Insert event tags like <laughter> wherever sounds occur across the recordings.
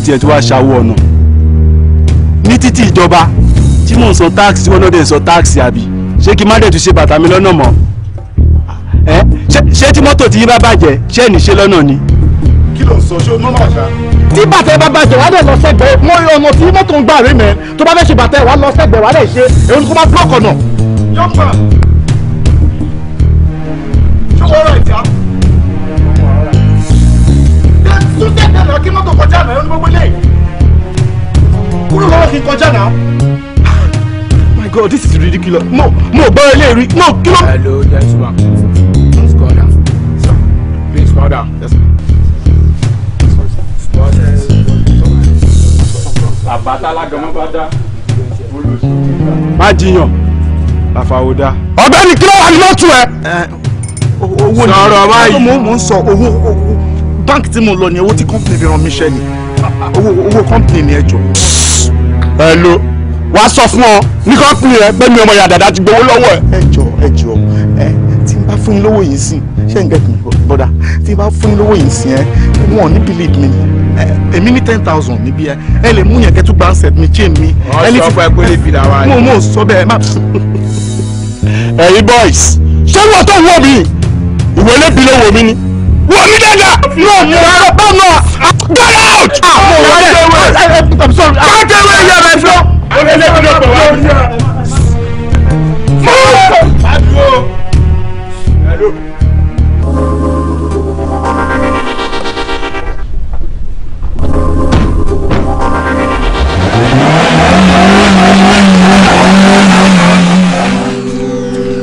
ti tiẹ̀ tí wàá ṣàwọ̀ ọ̀nà ní títì ìjọba tí mò ń san táàkì tí wọ́n náà dẹ̀ ń san táàkì àbí ṣé kí má dẹ̀ tún ṣe bàtà mi lọ́nà mọ́ ẹ ṣé tí mọ́tò tí yín bá bàjẹ́ ṣé ní ṣe lọ́nà ni. kí ló ń sọ ṣé o nọ́mà ṣá. tí bàtà ẹ bá bàjẹ́ wàá dẹ̀ lọ sẹ́gbẹ̀ẹ́ mọ ọ̀nà tí mọ́tò ń gbà rí mẹ́ tó bá fẹ́ ṣe bàtà ẹ wàá lọ sẹ́gbẹ̀ẹ́ wàá dẹ̀ ṣe èrò kó má búlọ̀kọ̀ náà. yọ̀ọ̀pà ṣé rẹ̀ já tún tẹ̀lé náà kí mọ́tò kọjá náà ní gbogbo ilé kúrò lọ́wọ́ kí n kọjá náà. my god this is ridiculous mo mo gbọ́ ilé rí mo kí ló. hello gentleman please calm down please calm down. Yes, sir. má jiyàn àfàwọdá. ọ̀gbẹ́ni kí ló wà nínú ọtún ẹ. owó ni sọ̀rọ̀ báyìí mo ń sọ owó bank tí mo lọ ni owó tí company fi ràn mí ṣẹ́ ni owó company ni ẹ jọ. ẹ lo wàá sọ fún ọ ní company rẹ pé ọmọ ìyá dàda ti gbowó lọ́wọ́ ẹ. ẹ jọ ẹ jọ ẹ tí n bá fún yín lówó yìí sìn ṣé n gẹ kí n bọ́dà tí n bá fún yín lówó yìí sìn ẹ wọn ní believe mi èmi ní ten thousand níbí ẹ ẹ lè mú yẹn kẹtù gbànsẹ mi chain mi. ọsọ fún ẹ pé lè fi dà mo mo sọ bẹ́ẹ̀ má. ẹ̀yin boys ṣé wọn tó wọ mi ìwé bi lè mi ni wò mí dáadáa. no rárá bá mọ. get out. Ah, I'm sorry. káàkiri ẹ̀wé yẹ my friend.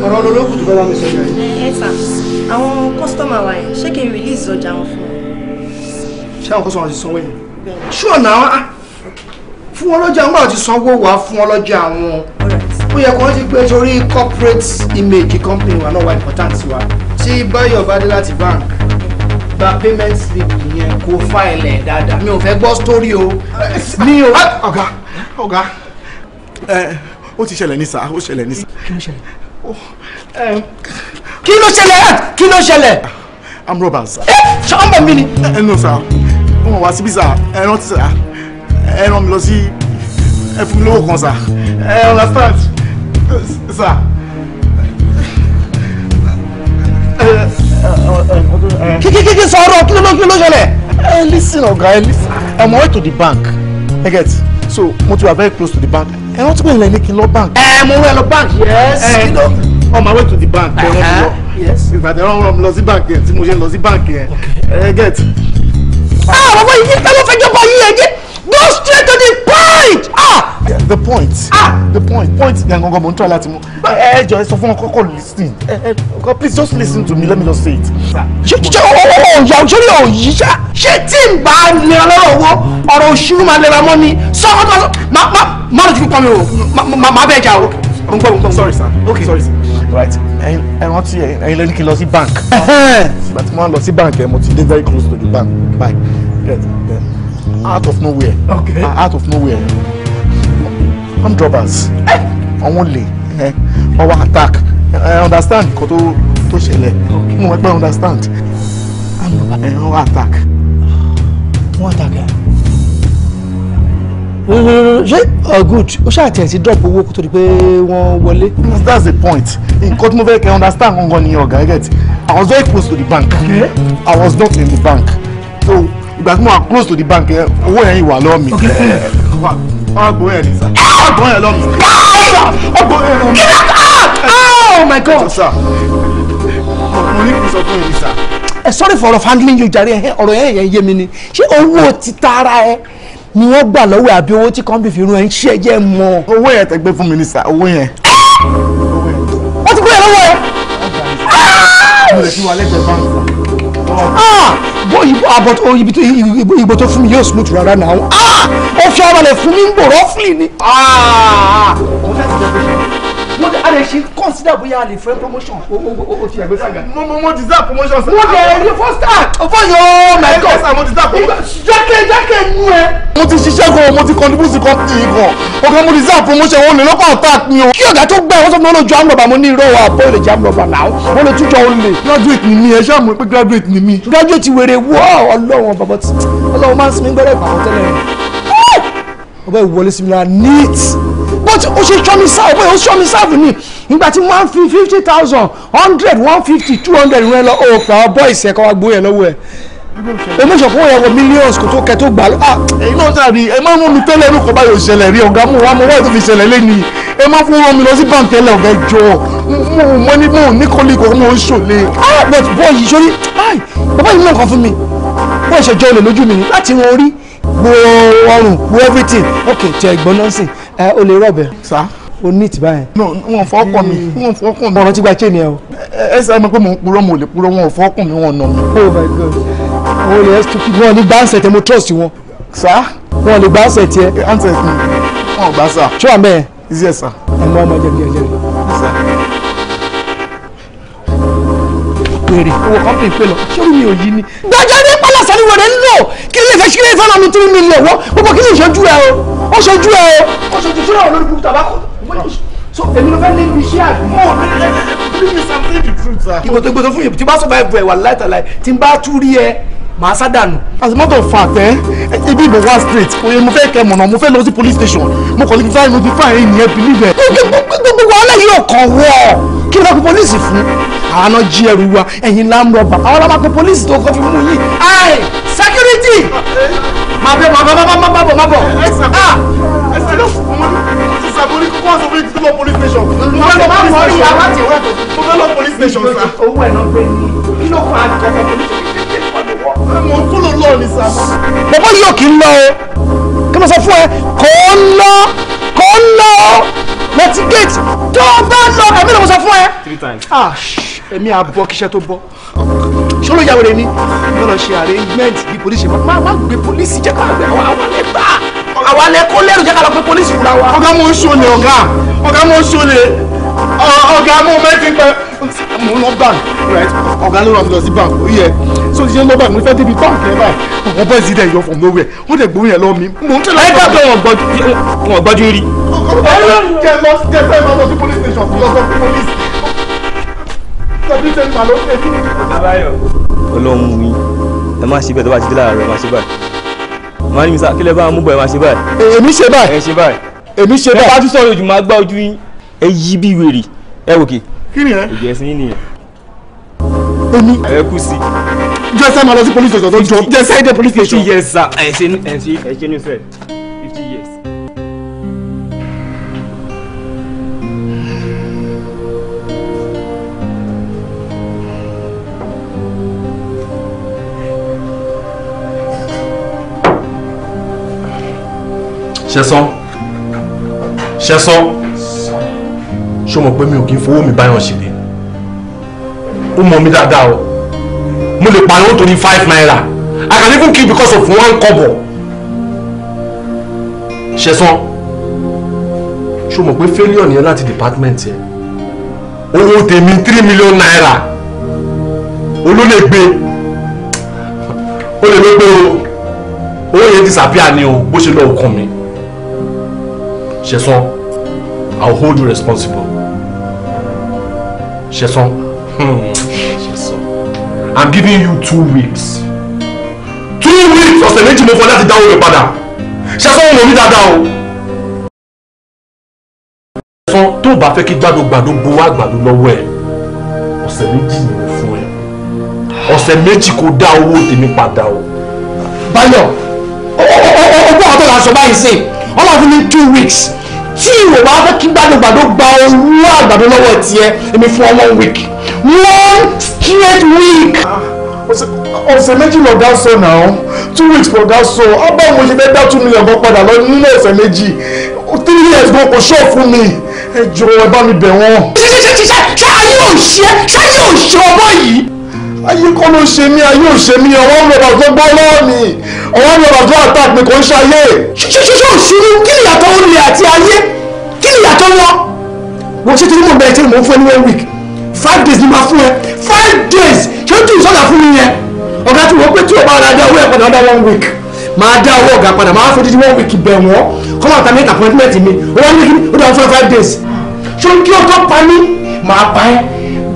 ọ̀rọ̀ olókùtù bẹ́ẹ̀ náà mi sọ yẹn. ẹ ẹ sà àwọn customer wa yẹn ṣé kí n release ọjà wọn fún wọn. ṣé àwọn customer ti sanwó yẹn. sure na ah, ah. fún wọn lọ́jà ńgbà tí sanwó wà fún wọn lọ́jà wọn ó yẹ kó wọ́n ti gbé torí corporate image company wa náà wà important wa tí báyọ̀ bá dé láti bank gba payment slip yẹn kó fáìlì ẹ̀ dáadáa mi ò fẹ́ gbọ́ story o mi ò. Ah, ọ̀gá ọ̀gá eh, ó ti ṣẹlẹ̀ ní sá ó ṣẹlẹ̀ ní sá. kí ló ṣẹlẹ̀. Oh, eh, kí ló ṣẹlẹ̀ kí ló ṣẹlẹ̀. i'm robert eh, eh, sir. ẹ ṣọ́nbà mi ni. ẹ nù sá wọn mọ̀ wá síbí sá ẹ rántí sá ẹ ràn mí lọ sí ẹ fún mi lówó kan sá ẹ understand sá. kíkíkíkí sọ̀rọ̀ kí ló ló kí ló ṣẹlẹ̀. ẹ eh, listen ọ̀gá ẹ listen i'm on way to the bank ẹ get so mo ti wà very close to the bank ẹ rántí pé ilẹ̀ ní kí n lọ bank. ẹ mo rẹ lọ bank. yes. Uh, you know, on my way to the bank ẹ rán mi lọ in fact ẹ rán mi bank Yes, tí mo ṣe lọ bank Okay. ẹ eh, get. ah what are you doing? pẹ́ẹ́lú fẹjọ́ bá yín again. go straight to the point. ah yeah, the point ah the point point yẹn gangan mo n tọ́ láti mú ẹ eh, eh, jọ ẹ sọ fún ọkọ listen please just listen to me let me just say it. Oh, ṣe owó òòyà oh, òòyì ṣá ṣé tí n bá nira lọ́rọ̀ owó ọ̀rọ̀ òṣìṣẹ́ máa lera mọ́ ni sọ́kọ́ tó ma ma ma lọ́ọ́ ti fi pa mi o ma ma bẹ́ẹ̀ jà o. sorry sir okay sorry sir right ẹ rántí ẹ̀yin lẹni kí n lọ sí bank <laughs> ìgbà tí mo lọ sí bank ẹ mo ti dey very close to the bank bye get then out of nowhere okay. Ah, out of nowhere arm robbers àwọn olè ọwọ attack eh, I understand kò tó tó ṣẹlẹ̀ mo mọ̀ pé I understand arm robbers ọwọ attack wọ́n attack eh? Eh, ṣé uh, good ó ṣáà tiẹ̀ ti drop owó kó tó di pé wọ́n wọlé. that's the point nǹkan tí mo fẹ́ kẹ́ understand gangan ni ọ̀gá get i was very close to the bank i was not in the bank so ìgbà tí mo wà close to the bank eh, owó yẹn ìwà lọ́ọ̀ mi ọgbọ̀n eh, yẹn ni sir ọgbọ̀n yẹn lọ́ọ̀ mi ọgbọ̀n yẹn lọ́ọ̀ mi oh my god. mo ní kí n sọ sir. sorry for handling you jàre ọ̀rọ̀ yẹn yẹn yé mi ni ṣé owó ti tara ẹ ni wọ́n gbà lọ́wọ́ àbí owó tí kọ́ńbì fi rún ẹ̀ ń ṣe jẹ́ mọ́. owó yẹn tẹ fún mi ní sà owó yẹn. wọ́n ti kúrò lọ́wọ́ rẹ̀. mo lè fi wà lẹ́gbẹ̀ẹ́ báńkì. Ah! àbọ̀ ìbò tó fún mi yóò smooth rárá náà ah! ó fi ọ̀rọ̀ rẹ̀ fún mi ń bò rọ́fìlì ni. Ah! wọ́n ti àlè ṣe consider bóyá a lè fẹ́ promotion. o o o ti ẹgbẹ́ sàgà. mo mo mo deserve promotion sir. mo lè rí first time. ọ̀fọ̀ yóò my god. ẹgbẹ́ sà mo deserve promotion. jákè jákè nú ẹ. mo ti ṣiṣẹ́ gan mo ti contribute sí company yìí gan ọ̀gá mo deserve promotion wọn ò ní lọ́kọ̀ attack mi o. kí ọ̀gá tó gbà wọ́n sọ fún mi lójú amúlọ̀bà mo ní irọ́ wa bó lè jẹ́ amúlọ̀bà làwọn mo lè tújọ olè. graduate ni mi ẹ ṣáà mọ̀ pé graduate ni mi. graduate wèrè wọ́ ọlọ́run bàbá tí ọlọ́run máa ń sinmi gbẹ́rẹ́ ìpàkọ́ tẹ́lẹ̀ ọba ìwọlé sinmi la neat ó ṣe ṣọ́ mi sáàbù ó ṣọ́ mi sáàbù ni ìgbà tí wọ́n fi fifty thousand hundred one fifty two hundred rẹ lọ ó oh, pa ọ bọ́ ìsẹ̀kọ́ wa gbóyè lọ́wọ́ ẹ̀ emotion fún ìyàwó millions kò tó kẹ tó gbà lọ. èyí ah, náà tàbí ẹ máa ń mú mi tẹ́lẹ̀ ẹnu kọ́ báyìí ò ṣẹlẹ̀ rí ọ̀gá mú wa mo wáyé tó fi ṣẹlẹ̀ lé ni ẹ máa fún wọn mi lọ sí bank tẹ́lẹ̀ ọ̀gá jọ mo mọ ní mo ní kọ́lé kọ́ mo ń ṣòlè. Ah, but bọ́ọ̀ yìí sórí bàbá yìí náà kàn fún mi bọ́ọ̀ ìṣẹ̀jọ́ olè lójú mi láti wọn orí gbòòrò ọrùn gbòòrò everything ok tẹ ẹ̀gbọ́n náà sìn ẹ o lè rọ̀bẹ̀. sa o ní ìtìbá yẹn. no wọn fọ mi wọn fọ ọkàn mi. ọ̀rọ̀ tí gba chain yẹn o. ẹ ṣe mọ̀ pé mo ń purọ́ mo lè purọ́ wọn ò fọ mi wọn nà mí. oh my god àwọn olè stupid wọn ní gbáǹsẹ̀ tẹ mo trust wọn. sa wọn lè gbáǹsẹ̀ tiẹ. ansẹ̀ mi wọn ò gbá sa. ṣé wà mẹ́ẹ̀. iṣẹ́ sa. ẹ mọ ọmọ jẹ̀bi ẹ̀jẹ̀ rẹ̀. wèrè owó kan pè pé lọ ṣé omi ò yí ni. gbàjẹ́ ní pálásán ni wèrè ń lò kí ilé ìfẹ́ sí ilé ìfẹ́ náà mi tún mi lẹ̀ wọ́ gbogbo kí ni ìṣẹ́jú ẹ o ó ṣojú ẹ o ó ṣojú tí wọn lórí kúkú tabako so èmi ló fẹ́ lé ibi iṣẹ́ àdúgbò rẹ. ìwọ tó gbọdọ̀ fún yẹn tí bá survive ẹ wà láìtàláì tí n bá tú rí ẹ màá sá dànù. as a matter of fact ẹ eh, ibi ìbò wá straight oye mo fẹ́ kẹ́ mọ̀nà mo fẹ́ lọ sí police station mo kàn lè fáyín lójú fáyín ìyẹn believe ẹ. gbogbo wàhálà yìí ò kàn wọ kí ló kó polisi fún àánà jí ẹrù wa ẹ̀yin lámrọ̀bà àwọn làwọn kó polisi tó kọ́ fi mú yìí. ai security. Ah, eh máa bẹ máa máa máa máa bọ̀ máa bọ̀. ẹ ṣe ló ti sàbórí kókó ọ̀sán fún ìdílé police station. mo fẹ́ lọ police station mo fẹ́ lọ police station sa. owó ẹ̀ náà gbé ní kí ló fa àgbàkẹ́ mo tún lò lọ ní sáà. bàbá yóò kí n lọ o kí mo sọ fún ẹ kò ń lọ kò ń lọ o lẹtigate tó bá lọ ẹ̀mí ló mo sọ fún ẹ. three times. ah ẹ̀mí àbọ̀ kíṣẹ́ tó bọ́ ṣọlọ ìyàwó rẹ ni lọ́nà ṣe arrangement bí polisi ma máa gbé polisi jẹ́ ká lọ gbé àwọn àwọn ẹgbà àwọn alẹ́ kó lẹ́rù jẹ́ ká lọ polisi wúra wa. ọ̀gá mo ń ṣọlẹ ọ̀gá ọ̀gá mo ń ṣọlẹ ọ̀gá mo mẹ́tí pẹ́ mo lọ bank right ọ̀gá ló ràn mí lọ sí bank ó yẹ so ṣe lọ bank mo fẹ́ débi bank yẹn báyìí àwọn bọ́ọ̀sì dẹ̀ yọ from nowhere wọ́n dẹ̀ gbóyè lọ mi. mo ń tẹ̀lé ẹgbẹ́ àgbẹ̀ wọn gbọ́dọ̀ rí. ọ̀gá kẹ lọ sí police station tọ́jú ṣe ń pa ló ṣe sí. abayọ. olóhùn mi ẹ má ṣe bẹ́ẹ̀ tó bá ti dé láàárọ̀ ẹ má ṣe báyìí. màá ní mi sá kílẹ̀ bá mú bọ̀ ẹ má ṣe báyìí. èmi ṣe báyìí. ẹ ṣe báyìí. èmi ṣe báyìí. ẹ bá tún sọ̀rọ̀ jù máa gbá ojú yín. ẹ yí bí wèrè ẹ wò kí. kí ni ẹ. ìjẹsìn yín nìyẹn. èmi. ẹ kú sí jẹsẹ ma lọ sí police station tó jọ jẹsẹ ẹ dé police station. yẹsà ẹ ṣe ẹ ṣe ẹ ṣe ní sẹ. ṣẹ́sán ṣẹ́sán ṣó mọ̀ pé mi ò kí ń fowó mi báyọ̀ ṣeré ó mọ̀ mi dáadáa o mo lè pariwo torí five naira I can even keep because of one kọ́bọ̀ ṣẹ́sán ṣó mọ̀ pé failure nìyẹn láti department yẹn owó tèmi three million naira olólègbé olólègbé o owó yẹn disappear ni o bó ṣe lọ́ọ́ kàn mí. Chesson, I'll hold you responsible. Sheson, Sheson, I'm giving you two weeks. Two weeks of for that Chesson, Chesson, down. two ọ̀sẹ̀ méjì mo fọ́ láti dáwọ́ rẹ̀ padà. Sheson wò mí dáadáa o. Sheson tó bá fẹ́ kí gbàdúgbàdú gbowó àgbàdo lọ́wọ́ ẹ̀ ọ̀sẹ̀ méjì ni mo fún ẹ. ọ̀sẹ̀ méjì kò dá owó tèmi padà o. Báyọ̀ ọgbọ́n àtọ́lá aṣọ báyìí sìn all of you two weeks tí ìwò bá fẹ́ kí gbàdúgbàdú gba owó àgbàdo lọ́wọ́ tiẹ̀ èmi fún one week one straight week. Ah, ọ̀sẹ̀ méjì lọ́gá sọ náà two weeks lọ́gá sọ ọba mo ṣe fẹ́ dá two million kan padà lọ nínú ọ̀sẹ̀ méjì three years gan kò ṣọ́ọ̀ fún mi ẹ jọ̀wọ́ ẹ bá mi bẹ̀ wọ́n. ṣe ṣe ṣe ṣe ṣe ayé òṣìṣẹ́ ṣe ayé òṣìṣẹ́ ọmọ yìí ayé kọ́ ló ṣe mí ayé ò ṣe mí ọwọ́ mi ọba tó gbọ́ lọ́wọ́ mi ọwọ́ mi ọba tó attack mi kò ń ṣayé. ṣoṣoṣo òṣùwò kí ni ìyàtọ̀ ó lè àti ayé kí ni ìyàtọ̀ wọn. wọ́n ṣe torí mo bẹ̀rẹ̀ tí mo ń fún ẹ ní one week five days ni ma fún ẹ five days ṣé o tún sọ̀dà fún mi yẹn ọ̀gá tí wọ́n pé tí o bá ra dá owó ẹ̀ padà dá one week máa dá owó ọ̀gá padà máa fọ́ dídí one week bẹ̀ wọ́n kọ́ máa ta mi ìtàkùn ẹ̀dínmẹ́tì mi one week ó dà fún five days ṣé o kí ọkọ̀ pa mí máa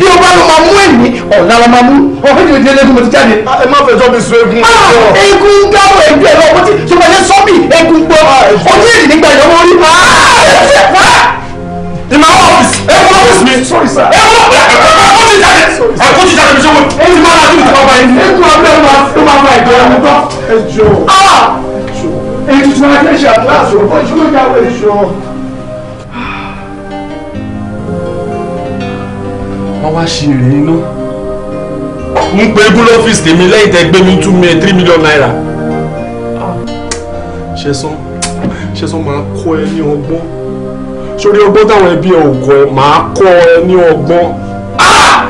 bí o bá lọ máa mú ẹ̀mí ọ̀la la máa mú ọ̀fẹ́ ti délé ní ti jáde. ẹ má fẹjọ́ mi sun egun. egun ń dáwọ̀ ẹgbẹ́ ẹ̀ lọ́wọ́ tí tí mo lè sọ bí egun gbọ́ ojú èrè nígbà ìyàwó orí. ìmọ̀ ọ́fíìsì ẹ ọ́fíìsì mi. sọ́ọ̀rì sá. ẹ wọ́n ọ́fíìsì jáde àkójì jáde mi sọ́wọ́ ẹ wọ́n wá ṣe rèé iná. mo pe egun lọ́fíìsì tèmi lẹ́yìn tẹ́ gbé mi two million three million naira. ṣẹ̀sán ṣẹ̀sán máa kọ́ ẹ ní ọgbọ́n sórí ọgbọ́n táwọn ẹbí ẹ ò kọ́ máa kọ́ ẹ ní ọgbọ́n. Ah!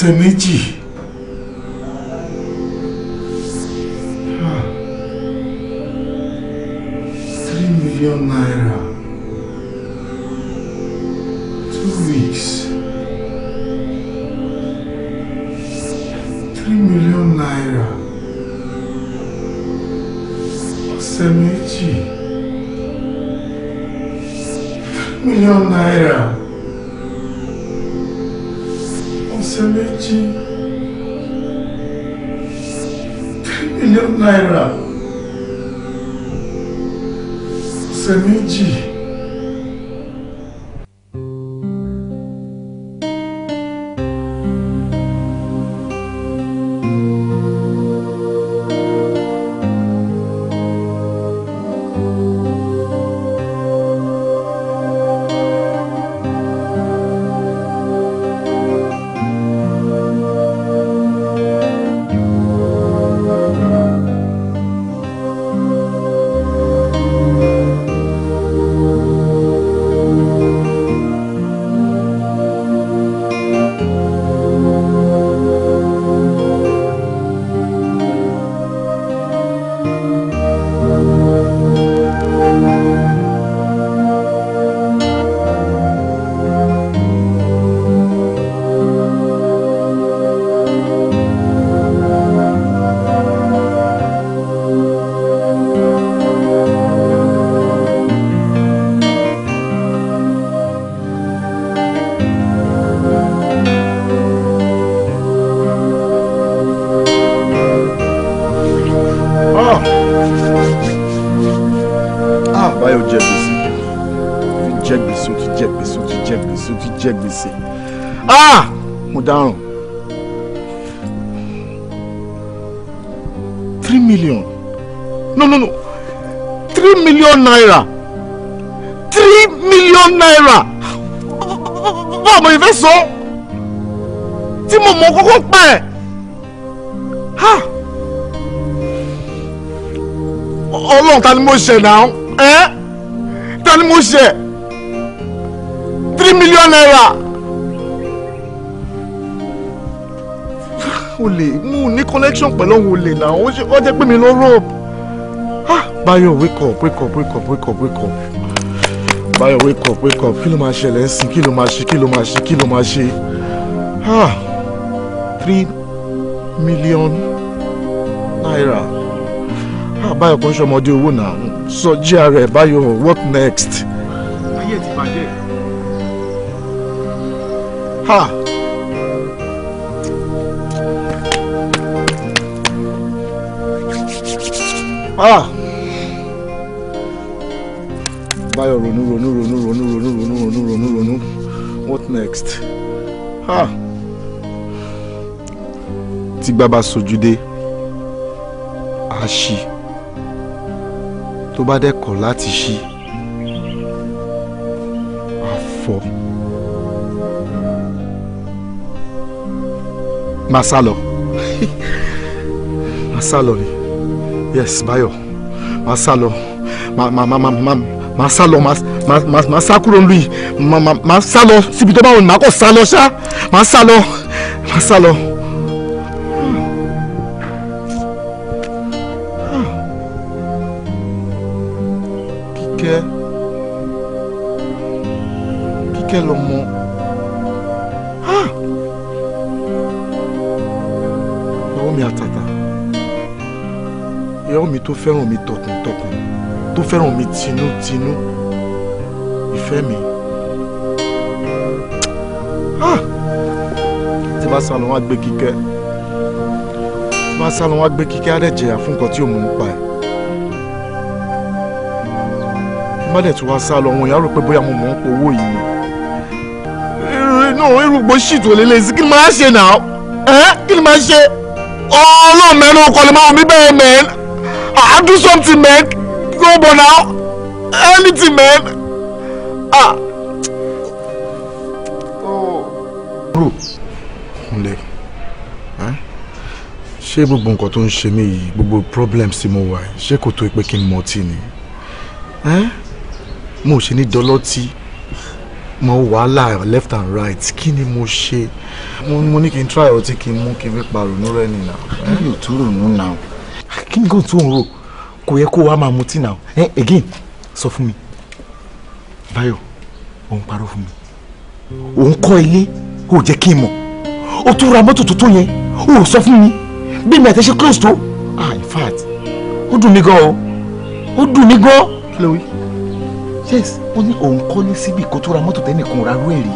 se semente naira three million naira báwo mo fẹ́ sọ tí mo mọ kókó pa ẹ̀ ọlọ́run ta ni mo ṣẹ̀ náà ẹ́ ta ni mo ṣẹ̀ three million naira. olè mú ní connection pẹ̀lú òun olè náà ó jẹ́ pé mi ló rọ́ọ̀bù. Báyọ̀ wake up wake up wake up wake up wake up Báyọ̀ wake up wake up kí ló máa ṣẹlẹ̀ ń sìn kí ló máa ṣe kí ló máa ṣe kí ló máa ṣe ah three million naira ah Báyọ̀ kan ṣọmọdé owó náà sọ GRA Báyọ̀ what next. ayé ti bàjẹ́. ha. Ah. Ah! báyọ̀ ronú ronú ronú ronú ronú ronú ronú ronú ronú what next ha tí gbà bá sojú dé á ṣí tó bá dẹ́kọ̀ láti ṣí á fọ́ <laughs> ni yes báyọ̀ Masalo. Ma ma ma ma ma. máa màá sá lọ màá sá kúrò nílùú yìí màá sá lọ síbi tó bá wọn màá kọ̀ sá lọ ṣá màá sá lọ màá sá lọ. kíkẹ́ kíkẹ́ lọ́mọ. ìyàwó mi àtàtà ìyàwó mi tó fẹ́ràn mi tọkàntọkàn fẹ́ràn mi tinútinú ìfẹ́ mi ah! tí bá sálọ wọn á gbé kíkẹ́ tí bá sálọ wọn á kíkẹ́ á fún nǹkan tí ò mú un pa ẹ̀ tí dẹ̀ tún wá sálọ wọn yàrá rò pé bóyá mo mọ̀ ń powó yìí inú irú gbogbo ṣìtò lélẹ́sì kí ni màá ṣe náà ẹ́ kí ni màá ṣe ọlọ́run ọkọ̀ lè máa wọ̀ mí bẹ́ẹ̀ mẹ́rin I do something man. No, but now, anything, man. Ah. Oh. Bro, Hunde, ṣé gbogbo nǹkan tó ń ṣe mí yìí gbogbo problems tí mo wà yìí ṣé kò tó pé kí n mọ ọtí mo ṣe ní dọlọ́tí mo wàhálà left and right kí ni mo ṣe mo ní kí n try ọtí kí n mú kí n fi pa ronú rẹ nìyà. kí ni ò tún ronú náà kí n kò kò yẹ kó wàá máa mutí náà ẹ eh, again sọ fún mi Báyọ̀ òun parọ́ fún mi òun kọ́ ilé ò jẹ́ kí n mọ̀ ó tún ra mọ́tò tuntun yẹn ó sọ fún mi bí mi àtẹ̀ṣe close tó ah in fact ó dùn mí gan o ó dùn mí gan lórí yes ó ní òun kọ́ ní síbi kó tó ra mọ́tò tẹ́nìkan ra rú ẹ̀ rí.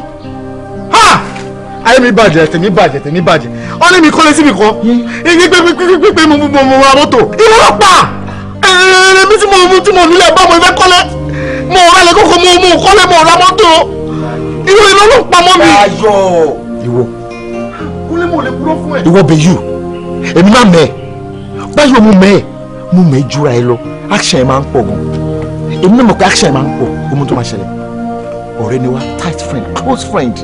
ayé mi bàjẹ́ tèmi bàjẹ́ tèmi bàjẹ́ ó ní mi kọ́ ní síbi kan ìgbẹ́ pípé mo mo ra mọ́tò ìwọ́n pa ebi tí mo mú tí mo nílẹ̀ bá mo fẹ́ kọ́lé mo rà lẹ kókó mo mú kọ́lé mo ra mọ́tò irú iná ló ń pamọ́ mi. ayọ̀ ìwọ kúlẹ̀ mo lè kúrọ́ fún ẹ. ìwọ bẹ yù èmi máa mẹ báyọ̀ mo mẹ mo mẹ jura ẹ lọ action ẹ máa ń pọ̀ gan èmi náà mọ̀ pé action ẹ máa ń pọ̀ ọmọ tó máa ṣẹlẹ̀ ọ̀rẹ́ ni wá tight friend close friend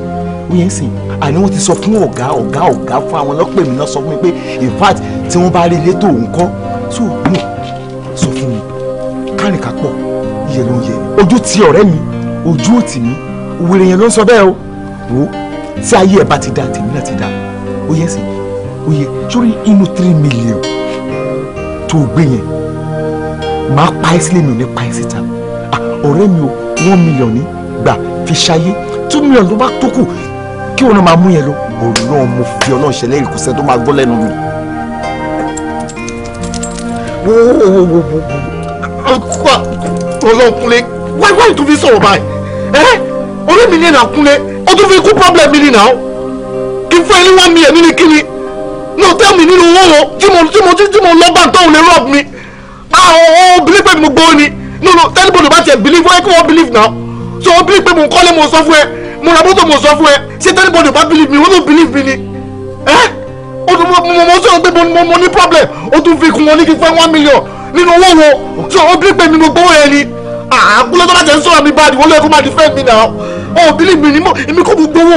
wíyẹn sìn àní wọ́n ti sọ fún ọ̀gá ọ̀gá ọ̀gá fún àwọn ọlọ́pẹ̀ mi náà sọ fún mi pé in fact tí wọ́n bá rí ilé tó ń kọ́ so mo kárìnká pọ̀ yẹ ló ń yẹ ojú ti ọ̀rẹ́ mi ojú òtì mi òwèrè yẹn ló ń sọ bẹ́ẹ̀ o wò ó tí ayé ẹ̀ bá ti da tèmi náà ti da ó yẹ sí ó yẹ sórí inú three million tó o gbé yẹn máa pa ẹ́ sílé mi ò ní pa ẹ́ síta ọ̀rẹ́ mi o one million ní gbà fi ṣayé two million ló bá tó kù kí wọn máa mú yẹn lọ òòlù mo fi ọlọ́run ṣẹlẹ̀ ìkùsẹ́ tó máa gbọ́ lẹ́nu mi. Why? Why you tó fi sọ̀rọ̀ eh? báyìí ẹ́ orí mi ní ẹ̀nà kúnlé ó tún fi kú pọ́blẹ̀mì ni nà ó kí n fún ẹni wá mi ẹ̀mí ni kí ni ní òtẹ́ mi nínú owó wọn tí mo tí mo tí mo lọ bá tóun lè rọ́ọ̀bù mi àwọn obìnrin pé mo gbowó ni no no anybody bá tiẹ̀ believe wọ́n kí wọ́n believe now so obìnrin pé mo kọ́lé mo sọ fún ẹ mo ra mọ́tò mo sọ fún ẹ ṣé anybody bá believe mi wọ́n ló believe mi ni ẹ́ eh? mo sọ̀rọ̀ pé mo ní problem ó tún fi kún wọn ní kí n fún ẹ one million nínú owó wo tí o bí pé mi mo gbowó yẹn ni àkúlẹ̀ tó bá jẹ́ ń sọ̀rọ̀ mi báyìí wọ́n lé ẹ̀kọ́ máa defend mi náà o bílí mi ni mo èmi kò mú gbowó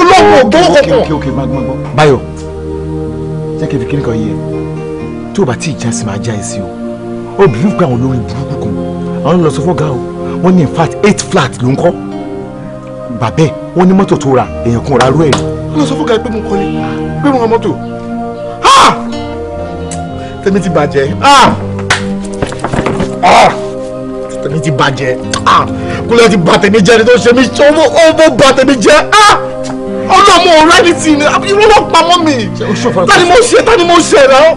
olóògùn ògbówó kankan. ok ok máa gbọ́n gbọ́n jẹ́ kí n fi kíní kan yé ẹ tí o bá tí ì já sí máa já ẹ sí o o bìlí pé àwọn olórin burúkú kan àwọn lọ sọ fún ọ̀gá o wọ́n ní in fact eight flat ló ń kọ́ bàbẹ́ wọ́n ní mọ́tò tó ra èèyàn kan ra rú ẹ̀. wọ́n lọ sọ fún ọ̀gá pé mo kọ́lé pé mo ra mọ́tò tẹ́mi ti bàjẹ́. Ah! tèmi ti bàjẹ́ ah! kúlẹ̀ ti bà tèmi jẹ́ ni tó ṣe mí ṣe owó bà tèmi jẹ́ ah! ọlọ́mọ ọ̀rẹ́dì tì ní irú ló pa mọ́ mi tani mo ṣe tani mo ṣe náà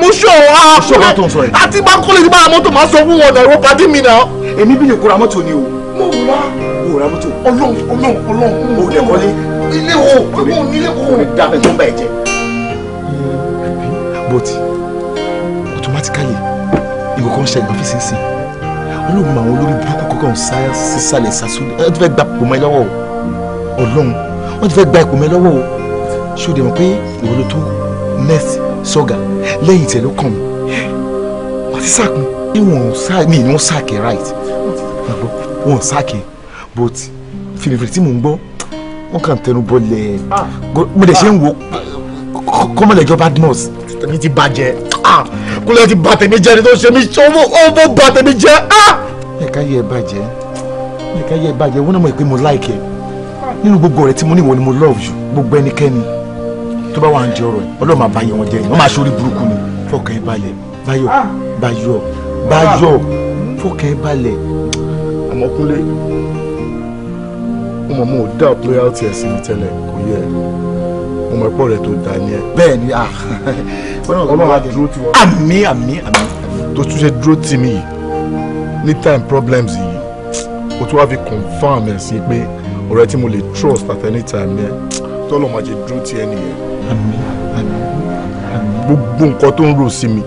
mo ṣe ọ̀hún àti bá kúlẹ̀ ti bá mọ́tò máa sọ fún wọn náà ìwọ́n pàdé mi náà. èmi bí yòókù ra mọ́tò ni o mo wá mo ra mọ́tò ọlọ́run ọlọ́run ọlọ́run mo dẹ̀ kọ́lé ilé wo mo nílé wo. dábẹ́ tó ń bẹ̀ jẹ́. bọ́tì automatically ṣẹ̀gbọ́n fi sínsìn ọlọ́run àwọn olórí burúkú kọ́kọ́ ń sísàlẹ̀ sàsúlẹ̀ wọ́n ti fẹ́ gba ipò mẹ́ lọ́wọ́ o ọlọ́run wọ́n ti fẹ́ gba ipò mẹ́ lọ́wọ́ o ṣòdì mọ̀ pé ìwọ ló tó nẹ́ẹ̀sì sọ́gà lẹ́yìn tẹ̀ ló kàn mí wọ́n ti sàkún ìwọ̀n sáàmì ni wọ́n sàkè right wọ́n sàkè but fìrìfìrì tí mò ń gbọ́ wọ́n kàn tẹnu bọ́lẹ̀ ah. mo dẹ̀ ṣe ń wo kọ́mọ̀lẹ́jọba dmos. tẹ̀mí ti bàjẹ́ ah kúnlẹ̀ ti bà tèmi jẹ́ ni tó ṣe mí ṣòwò ọmọ bà tèmi jẹ́ á. ẹ̀ka yẹ bàjẹ́ ẹ̀ka yẹ bàjẹ́ wọ́n náà mọ̀ pé mo like ẹ nínú gbogbo ọ̀rẹ́ tí mo ní ìwọ ni mo love you gbogbo ẹnikẹ́ni tó bá wà ń jẹ ọ̀rọ̀ ẹ Ọlọ́run máa bá yẹ wọn jẹ wọn máa ṣorí burúkú ni fọkàn ẹ balẹ̀ Báyọ̀ Báyọ̀ Báyọ̀ fọkàn ẹ balẹ̀ ọmọkúnlé mo mọ̀ mo dá loyalty ẹ̀ sí mi tẹ́lẹ̀ kò yẹ mo mọ̀ ẹ̀pọ̀ rẹ̀ tó dá ni ẹ. bẹ́ẹ̀ ni ọlọ́run á dúró tì wọ́n. àmín àmín àmín. tó tún ṣe dúró tì mí yìí ní time problems yìí o tún wá fi confam ẹ̀ sí pé ọ̀rẹ́ tí mo lè trust at any time yẹn tọ́lọ́ máa ṣe dúró tì ẹ́ nìyẹn. àmín àmín àmín. gbogbo nǹkan tó ń rò sí mi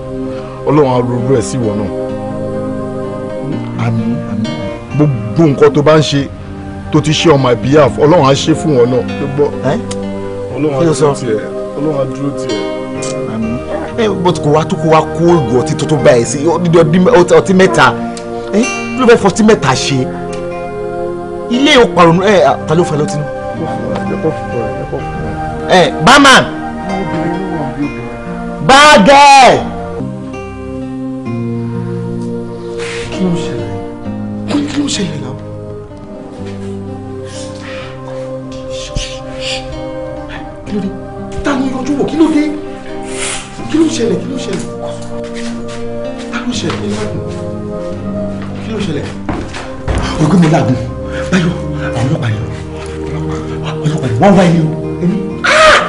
ọlọ́run á rorú ẹ̀ sí ìwọ náà. àmín àmín. gbogbo nǹkan tó bá ń ṣe tó ti ṣe on my behalf ọlọ́run á ṣe fún wọn náà. gbogbo ọlọ́run á dúró tì ẹ́ ọlọ́run á dúró tì ẹ́. Eh, but kò wá tó kó wá kó ìgò ọtí tó tó báyìí sí ọtí mẹ́ta eh, ló fẹ́ fọtí mẹ́ta ṣe ilé yóò parọ́ nù ẹ ta ló fẹ́ lọ́tí ẹ eh, báman báàgẹ́. kí ló ń ṣẹlẹ̀ kí ló ń ṣẹlẹ̀. làgùn báyọ̀ àwọn ọlọ́pàá yẹn ọlọ́pàá yẹn wọ́n wá ẹni o ẹni ah!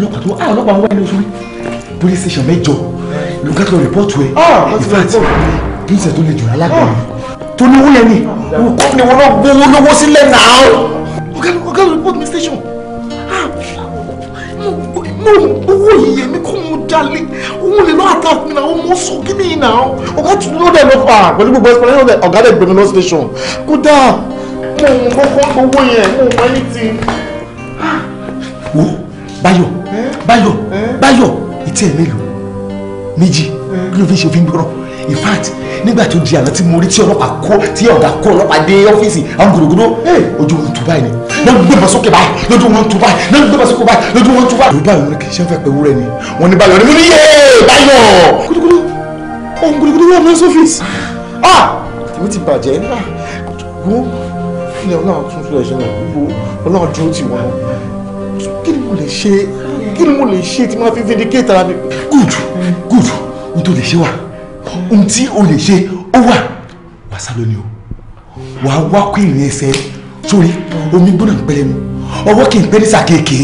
ọlọ́pàá tó ah, ọlọ́pàá wọ́n wá ẹni o sórí police station mẹ́jọ ló ń ká tó rìpọ́ọ̀tù ah, ẹ̀ in fact kí n ṣe tó le jù alágbèrè tó ní owó yẹn ni òkú ni wọn náà gbowó lọ́wọ́ sílẹ̀ náà. ọ̀gá ọ̀gá rìpọ́ọ̀tù mi station owó yìí mi kò mú jalè òun lè lọ attack mi náà ó mọ sọ kí nìyí náà ọ̀gá tún ló dẹ̀ lọ fà á pẹ̀lú gbogbo explanation dẹ̀ ọ̀gá dẹ̀ gbẹ̀mí lọ station kódà mo mọ kọ́kọ́ owó yẹn mo mọ ẹni tí. wo Báyọ̀ Báyọ̀ Báyọ̀ ìtí ẹ̀ mélòó méjì kí ló fi ṣe òfin gbọ́rọ̀ in fact nígbà tó di àná tí mo rí tí ọlọ́pàá kó tí ọ̀gá kó ọlọ́pàá dé ọ́fíìsì àwọn gbòdògbòdò ojú wọn tú báyìí ni wọ́n gbébọn sókè báyìí lójú wọn tú báyìí lójú gbébọn sókè báyìí lójú wọn tú báyìí. lójú báyìí wọn kì í ṣe ń fẹ́ pé wúrẹ́ ni wọ́n ní báyọ̀ ni mo ní yé báyọ̀. gbòdògbòdò ọ̀hún gbòdògbòdò wà ní ọ́fíìsì. ah ìwé ti bàjẹ́ wọ́n ilé ọlọ́run tún fi ẹ̀ṣẹ̀ náà gbogbo ọlọ́run dúró tì wọ́n kí ni mo lè ṣe kí ni mo lè ṣe tí máa fi vindicate ara mi. good good nítorí ṣé wà ohun tí o lè ṣe ó wà wàá sá lónìí o wàá wá kó ìrìn ẹsẹ̀ sórí omi gbóná pẹ̀lẹ́ mu ọwọ́ kì í pẹ́ nísà kéèké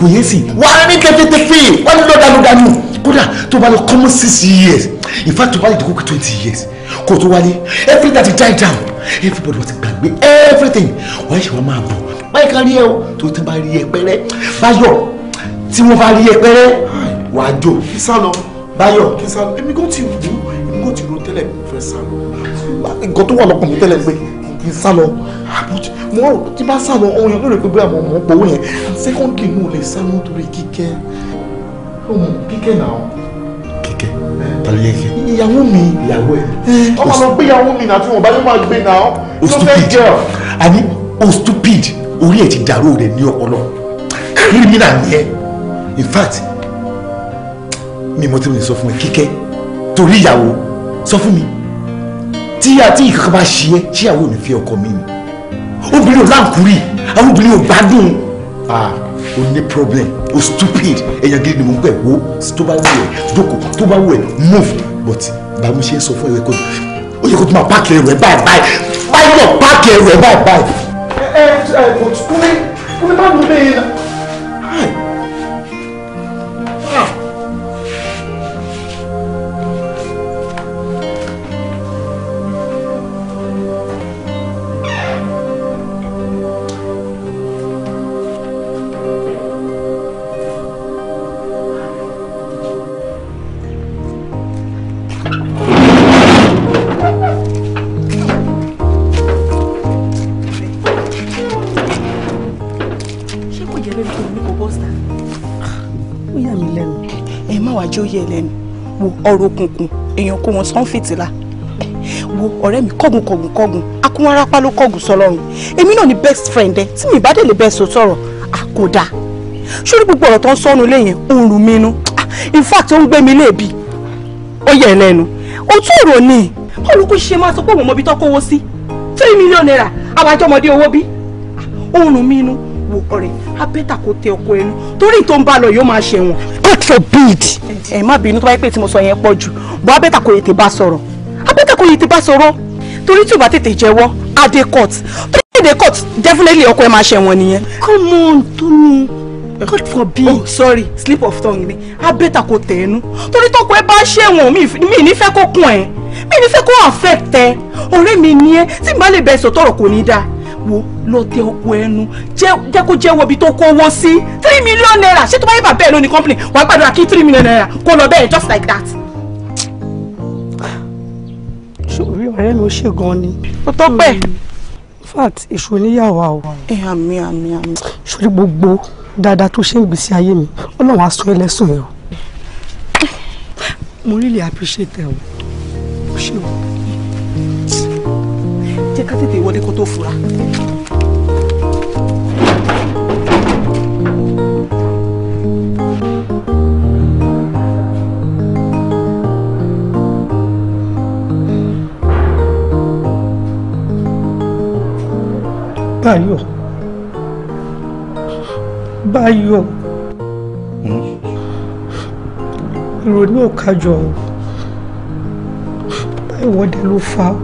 kò yẹ sí wàá ní tẹfẹtẹfẹ wàá ní lọ dánudánù kódà tó bá lọ kọ́mọ́ six years in fact tó bá lè dókòkò twenty years kó tó wálé everything that die down everybody was gbàgbé everything wàá ṣe wàá máa bọ̀ báyìí kan rí ẹ o tó tẹ́ bá rí ẹ pẹ́rẹ́ báyọ̀ tí wọ́n bá rí ẹ pẹ́rẹ́ wàá jò báyọ̀ kí sálọ èmi kò tí ì wú mo ti ro tẹ́lẹ̀ mo fẹ́ sá lọ nǹkan tó wà lọ́kàn mi tẹ́lẹ̀ pé kì í sá lọ mo rò tí bá sá lọ ọ̀hún yẹn lórí pé bóyá mo mọ̀ ọ́ pọ̀ owó yẹn second key mo lè sá nítorí kíkẹ́ kíkẹ́ náà kíkẹ́ eh. tàbí kíkẹ́. ìyàwó mi ìyàwó ẹ ọmọ lọ gbé ìyàwó mi náà tí wọn bá yóò máa gbé náà ló fẹ́ jẹ ọ. àní o stupid orí ẹ ti dàrú rẹ ní ọpọlọ criminal ni ẹ in fact mi mọ tí mo lè sọ fún ẹ kíkẹ́ torí ìyàwó sọ fún mi tí àti ìkankan bá ṣe é ṣé àwọn ò ní fi ọkọ mi ni obìnrin ò láǹkúrì àwọn obìnrin ò gbádùn o ní problem o stupid èèyàn gidi ni mo ń pẹ̀ wo tó bá wù ẹ́ jókòó tó bá wù ẹ́ move but bàmú ṣe ń sọ fún ẹ kó o yẹ kó tó máa páàkì ẹrù ẹ báyìí báyìí báyìí náà páàkì ẹrù ẹ báyìí báyìí. ẹ ẹ kò tún kúlé kúlé bá mi bẹ́ẹ̀ náà. ẹlẹ́nu wo ọ̀rọ̀ òkùnkùn èèyàn kó wọn sàn fìtílà wo ọ̀rẹ́ mi kọ́gùn kọ́gùn kọ́gùn akúnwárápá ló kọ́gùn sọlọ́run èmi náà ni best friend ẹ tí mi bá dé lè bẹ́ẹ̀ sọ sọ̀rọ̀ àkódà sórí gbogbo ọ̀rọ̀ tó ń sọ́nu lé yẹn ó ń in fact ó ń gbé mi léèbì ó yẹ ẹlẹ́nu ó tún èrò ni olùkú ṣe máa sọ pé òun mọbi tó sí three million naira àwájọmọdé owó bí ó ń rù mí inú wo ọ̀rẹ́ abẹ́tà kò tẹ ọkọ ẹnu torí tó ń bá lọ yóò máa ṣẹ̀wọ̀n. God forbid ẹ má bínú tó bá yẹ pé tí mo sọ yẹn pọ̀ jù bọ́ abẹ́ta kò yètè bá sọ̀rọ̀ abẹ́ta kò yètè bá sọ̀rọ̀ torí tí o bá tètè jẹ́wọ́ adé court tó kéde court definitely ọkọ ẹ máa ṣẹ̀wọ̀n nìyẹn. come on Tony God forbid. oh sorry slip of tongue ni abẹ́ta kò tẹ̀ ẹnu torí tọkọ ẹ bá ṣẹ̀wọ̀n mi ní fẹ́ kó kún ẹ mi ní fẹ́ kó affect ẹ ọ̀rẹ́ mi ni ẹ tí n bá lè bẹ sọ̀tọ̀rọ̀ kò ní dáa wo lọ ọkọ ẹnu jẹ́ kó jẹ́wọ́ ibi tó kówó sí three million naira ṣé tó bá yẹ bàbá ẹ̀ lónìí company wàá gbàdúrà kí three million naira kó lọ bẹ́ẹ̀ just like that. sori ọ̀rẹ́ mi ò ṣe gan ni. o tó in fact èso oníyàwó àwọn. ẹ àmì àmì àmì. sori gbogbo dáadáa tó ṣe ń gbèsè ayé mi ọlọ́run á sọ ẹ lẹ́sùn o. Eh, mo really appreciate ẹ o. o jẹ́ ká tètè wọlé kó tó fura. Báyọ̀ Báyọ̀ hmm? ìrònú ò kájọ báyọ̀ wọ́n dẹ̀ ló fa o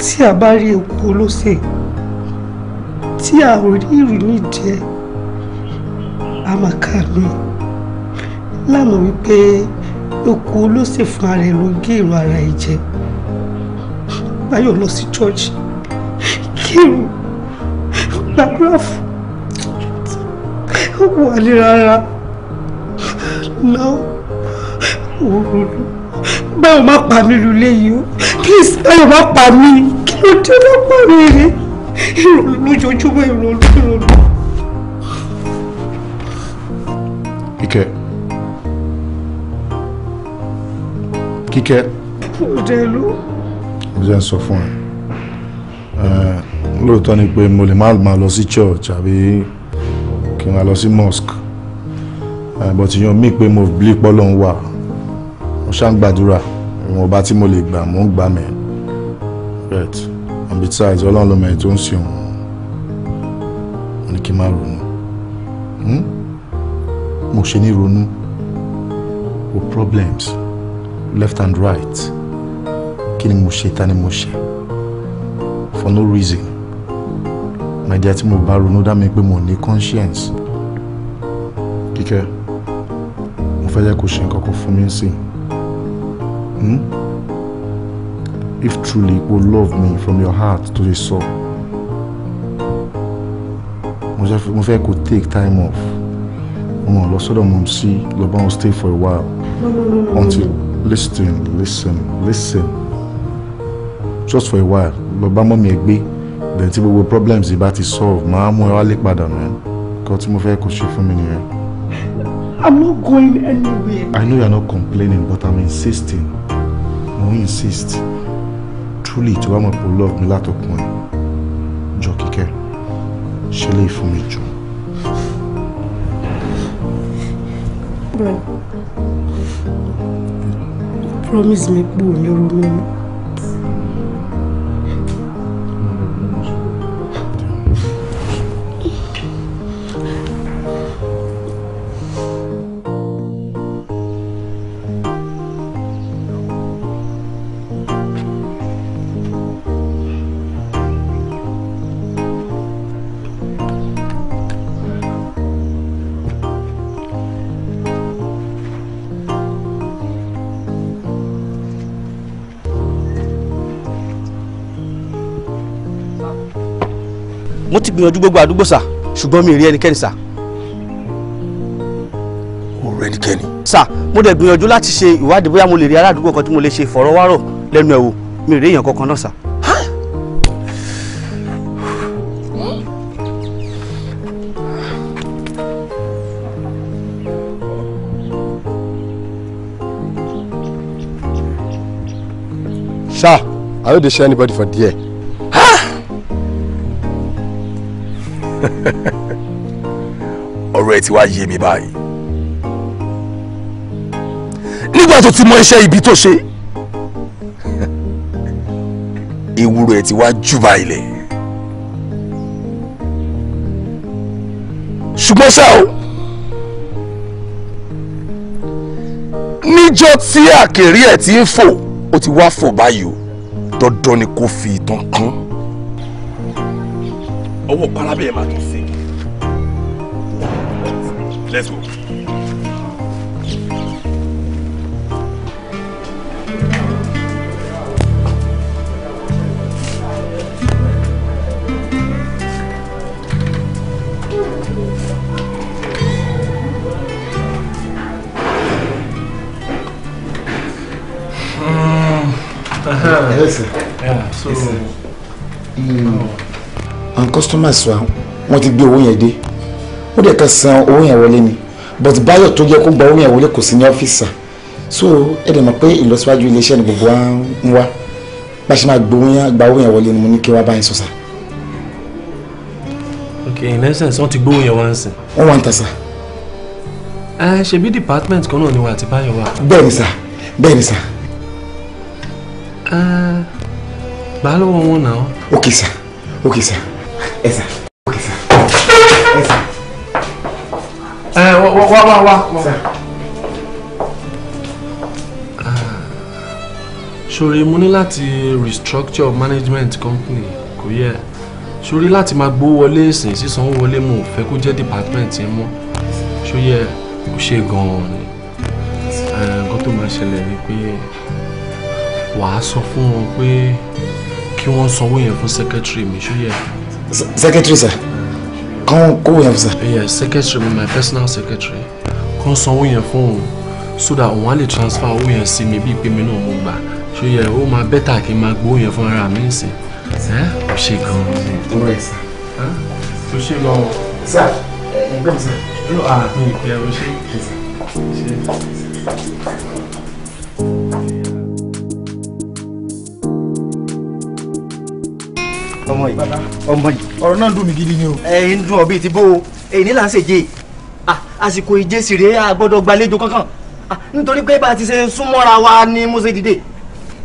tí a bá rí eku olóṣè tí a ò rí ìrìnnì jẹ a máa káàánú láàmú wípé eku olóṣè fún ara ẹ ló gé irun ara ẹ jẹ báyọ̀ lọ sí church kírun gbàdúrà fún wà ní rárá náà òru báwo má pa mí lulẹ̀ yìí o please ẹ̀rọ má pa mí kí ló dé lọ́pọ̀ mi rí ìrònú lójoojúmọ́ ìrònú ìrònú. kíkẹ́ kíkẹ́. òde ló. mo jẹ́ ń sọ fún ẹ lóòótọ́ ni pé mo lè má máa lọ sí church àbí kí n máa lọ sí mosque but ìyàn mí pé mo bí pọ́lọ́ ń wà mo ṣáà ń gbàdúrà ìwọ̀n ọba tí mo lè gbà mò ń gbà mẹ́ bet and besides ọlọ́run ló mẹ́rin tó ń sìn òun mo ní kí n má ronú hmm? mo ṣe ní ronú o problems left and right kí ni mo ṣe ta ni mo ṣe for no reason my dear tí mo bá ronú dá mi pé mo ní conscience kíkẹ́ mo fẹ́ jẹ́ kó ṣe nǹkan kan fún mi sìn. Hmm? If truly you will love me from your heart to the soul. Mo fẹ́ kó take time off. Mo lọ sọ́dọ̀ mọ̀ sí lọ bá wọn stay for a while. No, no, no, no, Until no. listen, listen, Just for a while. Lọ bá mọ́ mi ẹgbẹ́. Then tí gbogbo problems yìí bá ti solve, màá mú ẹ wálé padà mẹ́. Nǹkan tí mo fẹ́ kó ṣe fún mi nìyẹn. I'm not going anywhere. I know you're not complaining, but I'm insisting mo insist truly to wàá mọ̀ pé o love mi látọkùn ẹ̀ jọ kíkẹ́ ṣe lè fún mi jù. bro promise me pé o ní wọ́n ti gbìyànjú gbogbo àdúgbò sà ṣùgbọ́n mi ì rí ẹnikẹ́ni sà. o rẹ ẹnikẹ́ni. sà mo dẹ̀ gbìyànjú láti ṣe ìwádìí bóyá mo lè rí aládùúgbò kan tí mo lè ṣe ìfọ̀rọ̀wárọ̀ lẹ́nu ẹ̀ wò mi ì rí èèyàn kankan náà sà. sir i no dey share anybody for there <laughs> ọ̀rọ̀ ẹ ti wá yé mi báyìí nígbà tó ti mọ iṣẹ́ ibi tó ṣe <laughs> ewúro ẹ ti wá júbà ilẹ̀ ṣùgbọ́n ṣá o níjọ́ tí àkèrè ẹ̀ ti ń fò ó ti wá fò báyìí o dandan ni kò fi ìtàn kún ọwọ́ parábẹ́ yẹn máa tún let's go. Mm. Uh-huh. Yes. Yeah. So. Yes. Mm. Oh àwọn customers wa wọ́n ti gbé owó yẹn dé ó dẹ̀ kan san owó yẹn wọlé ni but báyọ̀ tó yẹ kó gba owó yẹn wọlé kò sí ní ọ́fíìsì so ẹ dẹ̀ mọ̀ pé ìlọsíwájú iléeṣẹ́ ni gbogbo ń wá bá ṣe máa gbowó yẹn gba owó yẹn wọlé ni mo ní kí wá báyìí sọ ok in essence wọ́n ti gbowó yẹn wá ń sìn. wọ́n wá ń ta sá. ẹ ṣebí department kan náà ni wà àti báyọ̀ wà. bẹ́ẹ̀ ni sá bẹ́ẹ̀ ni sá. gbà á lọ́wọ́ wọn náà. ok sá ok sá ẹ sà ok sà ẹ sà. ẹ wá wá wá wá. ṣòro mo ní láti restructure management company kò yẹ ṣòro láti máa gbó wọlé ìsìn sísanwó wọlé mo fẹ́ kó jẹ́ department yẹn mọ́ ṣó yẹ kó ṣe gan-an ni eh, nǹkan tó máa ṣẹlẹ̀ ni pé wàá sọ fún wọn pé kí wọ́n sanwó yẹn fún secretary mi ṣó yẹ secretary sir can kówó yẹn fún sir. ẹyẹ eh, secretary my personal secretary Can someone yẹn fún òun so that òun á transfer owó yẹn sí mi bíi pé mi náà mo gbà ṣó yẹ ó máa bẹ́tà kí your phone gbowó yẹn fún ara mi ń sìn ẹ́ ó ṣe gan-an. ó ṣe gan-an. sir ẹgbẹ́ eh, eh, ah, mi sir. ló àpín ìpẹ́ ọmọ yìí ọmọ yìí. ọ̀rọ̀ náà ń dùn mí gidi ni o. ẹ ń dùn ọ bíi ti bó o èyí ní là ń ṣèje àsìkò ìje sì rèé a gbọ́dọ̀ gbàlejò kankan nítorí pé bá a ti ṣe súnmọ́ra wa ni mo dìde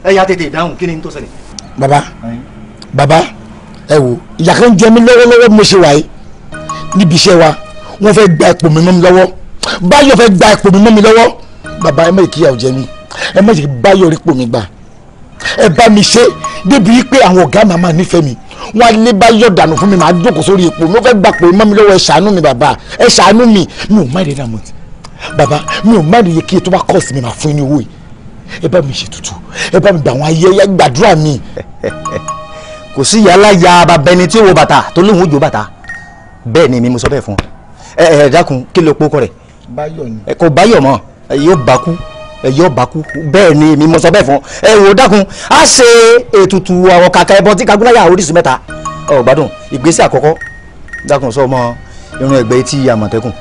ẹ̀yà tètè dáhùn kí ni n tó ṣẹlẹ̀. baba baba ẹ wo ìyà kan jẹ mí lọ́wọ́lọ́wọ́ mo ṣe wà yìí níbi iṣẹ́ wa wọ́n fẹ́ gba ipò mi mọ́ mi lọ́wọ́ báyọ̀ fẹ́ gba ipò mi mọ́ mi lọ́wọ́ baba ẹ má yẹ kíyàwó jẹ mí ẹ má yẹ báyọ̀ rí ipò mi gbà ẹ bá mi ṣe débi pé àwọn ọ̀gá màmá nífẹ̀ẹ́ mi wọn alẹ́ bá yọ̀ dànù fún mi màá jókòó sórí ipò mo fẹ́ gbà pé mọ́ mi lọ́wọ́ ẹ ṣàánú mi bàbá ẹ ṣàánú mi mi ò má rí ẹ̀dá mọ́tì bàbá mi ò má rí iye kí tó bá kọ́ sí mi màá fún yín ní owó yìí ẹ bá mi ṣètùtù ẹ bá mi gbà àwọn ayẹyẹ gbàdúrà mi. <laughs> kò sí yàrá ya bàbá ẹni tí ó wo bàtà tó lóun ó jó bàtà bẹ́ẹ̀ ni mi mo sọ bẹ́ẹ̀ fún ọ ẹ ẹ dákun kí ló pokọ rẹ̀ kò báyọ̀ mọ́ yóò bá kú ẹ̀yọ́ bàkú bẹ́ẹ̀ ni èmi mọ̀ sọ bẹ́ẹ̀ fún ẹ wò dákun á ṣe ètùtù àwọn kàkà ẹbọn tí kagunláyà oríṣi mẹ́ta ọ̀ gbádùn ìgbésẹ̀ àkọ́kọ́ dákun sọ ọmọ irun ẹgbẹ́ tí àmọ̀tẹ́kùn.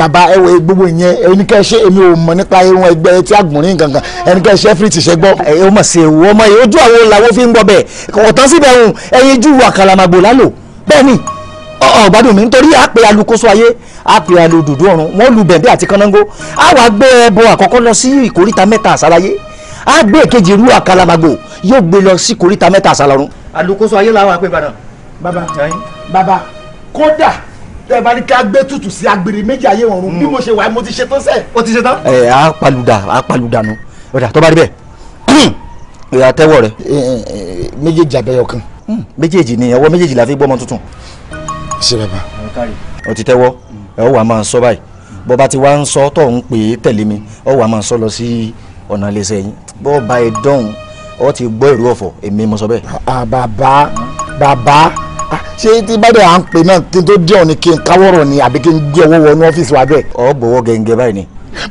bàbá ẹ wo gbogbo ìyẹn oníkẹ́ṣẹ́ èmi ò mọ̀ nípa irun ẹgbẹ́ tí àgbọ̀nrín kankan ẹnikẹ́ṣẹ́ fìrìtì ṣe gbọ́. ẹ o mọ̀ sí ewu ọmọ yìí ojú àwọn làwọn fi ń gbọ́ bẹ́ẹ̀ ọ̀tán síbẹ̀ ń ẹyin ju àkàlàmàgbò lálò bẹ́ẹ̀ ni ọ̀gbádùn mi nítorí àpè alukoso ayé àpè alòdòdó ọ̀run wọ́n lu bẹ̀ǹbẹ̀ àti kanango á wàá gbé ẹbọ àkọ́kọ́ lọ sí ìkóríta mẹ́ta àsáláyé á gbé èkejì ìlú àkàlàmàgbò yóò gbé lọ sí ìkóríta mẹ́ta àsálọ́run. alukoso ayé làwọn àpè ìbàdàn bàbá bàbá kódà tẹ bá ní ká gbé tutù sí agbèrè méjì ayé ọ̀run hmm. bí mo ṣe wà mo ti ṣe tán sẹ. o ti ṣe tán. ẹ á palùdà á palùdà nu ọ̀dà tó bá rí bẹ́ẹ̀ ìyá tẹ́wọ̀ rẹ. méjèèjì àbẹ̀yọ̀ kan. Hmm, méjèèjì ni ọwọ́ méjèèjì la fi gbọ́mọ tuntun ṣe bàbá. o ti tẹ́wọ́ mm. ẹ ó wàá máa sọ báyìí mm. bó bá ti wá ń sọ tó ń pè é tẹ̀lé mi ó wàá máa sọ lọ sí ọ̀nà iléeṣẹ́ yín bó bá ẹ dọ̀hún ọ ti gbọ́ èrò ọ̀fọ̀ èmi mo sọ bẹ́ẹ̀. Ah, ah, bàbá bàbá ah, ṣé tí bá dẹ̀ à ń pè náà kí n tó dé ọ̀ni kí n káwọ́rọ̀ ni àbí kí n gbé ọwọ́ wọnú ọ́fíìsì wa bẹ́ẹ̀. ọ bọ̀wọ́ gẹ́gẹ́ báyìí ni.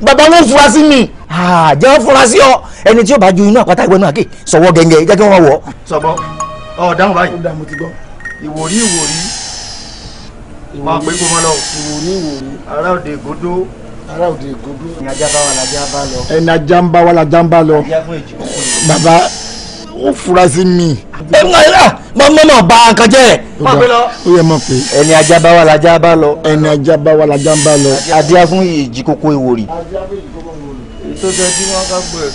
bàbá wọn fura sí mi. jẹ́ wọ́n fura sí ọ ẹni tí yóò bá ju inú àpáta ìgbẹ́ náà kì sọ̀wọ́ gẹ́gẹ́ jẹ́ kí wọ́n wọ̀. sọ̀bọ̀ ọ̀ dáhùn báyìí. ó dààmú ti gbọ́ ìwòrí ìwòrí máa pé kó mọ́ lọ. ní ìwò ará òde ìgodó. ará òde ìgodó. ẹni ajá bá wa lajá ń bá lọ. ẹni ajá ń bá wa lajá ń bá lọ. bàbá ó fura sí mi. ẹ ń ra mọ mọ mọ ba nǹkan ó yẹ mọ pé. ẹni ajá bá wa lajá bá lọ. ẹni ajá bá wa lajá bá lọ. adíá fún èjì kókó ìwòrì. ètò tẹ tí wọn ká gbọ́ ẹ.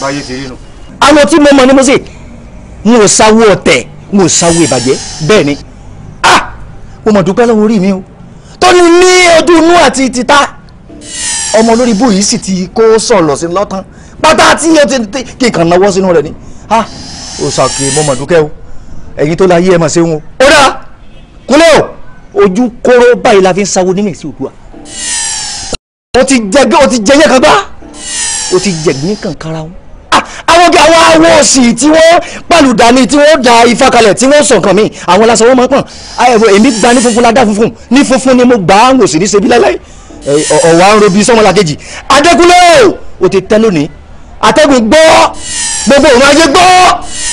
báyé ti rí nu. àwọn tí mo mọ ni mo sì ń wò ọ̀tẹ̀ mo sáwó ìbàjẹ́ bẹ́ẹ̀ ni ah mo mọ̀ dúpẹ́ lọ́wọ́ orí mi o tó ní ní ojú inú àti títà ọmọ lórí bú yìí sì ti kó sọ̀lọ̀ sí lọ́tàn pátá tí ó ti kíkan náwó sínú rẹ̀ ni ah o sàkè mo mọ̀ dúpẹ́ o ẹ̀yin tó láyé ẹ̀ mọ̀ ṣeun o ó dáa o ojú kóró báyìí la fi ń sáwó nílẹ̀ sí òdua o ti jẹ́ o ti jẹ́ yẹ́ kan gbá o ti jẹ̀ ní kankan ra wọn àwọn kí àwọn awo òsì tí wọ́n pàlùdà ni tí wọ́n da ifá kalẹ̀ tí wọ́n sọ̀kan mi àwọn lásán wọ́n máa pọ̀n èmi gba ní funfun ládá funfun ní funfun ni mo gbà á wò sí ní ṣebí láíláí ọ̀wá ń robi sọ́mọlá kejì adékúnlé o ti tẹ́ lónìí atẹ́gùn gbọ́ gbogbo òun ayé gbọ́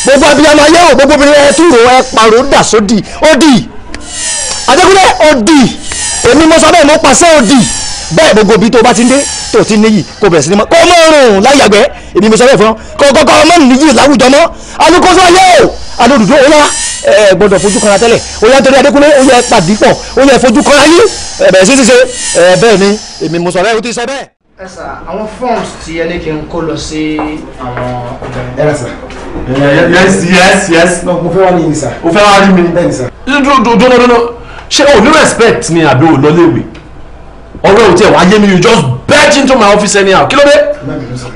gbogbo abiyamọ ayé o gbogbo obìnrin ẹ túrò ẹ pàrọ̀ dà sódì òdì adékúnlé òdì èmi mo sọ bẹ́ẹ̀ mo pàṣẹ òdì bẹ́ẹ̀ gbogbo ibi tó bá ti ń dé tó ti níyì kó bẹ̀rẹ̀ sí ni kó mọ̀ rùn láyàgbẹ́ èmi mo sọ fún ọ ọmọ nìyí láwùjọ mọ́ alukóso ayé o alódùdó ó yá ẹ gbọ́dọ̀ fojú kan tẹ́lẹ̀ ó yá nítorí adékúnlé ó yẹ pàdé pọ̀ ó yẹ fojú kan ayé ẹ bẹ̀rẹ̀ sí ṣe ẹ bẹ́ẹ̀ ni èmi mo sọ bẹ́ẹ̀ ó ti sọ bẹ́ẹ̀. ẹ sà àwọn forms tí ẹ kí n kó lọ sí àwọn ọ̀gbìn. ẹ sà yes yes yes. mo fẹ́ wá ní ìsà. mo fẹ́ wá rí mi. bẹ́ẹ̀ ni sà. dúdú dúdú ṣé o ní respect ni àbí o lọ léwe ọ̀rọ̀ ò tiẹ̀ wáyé mi you just barge into my office anyhow kí ló dé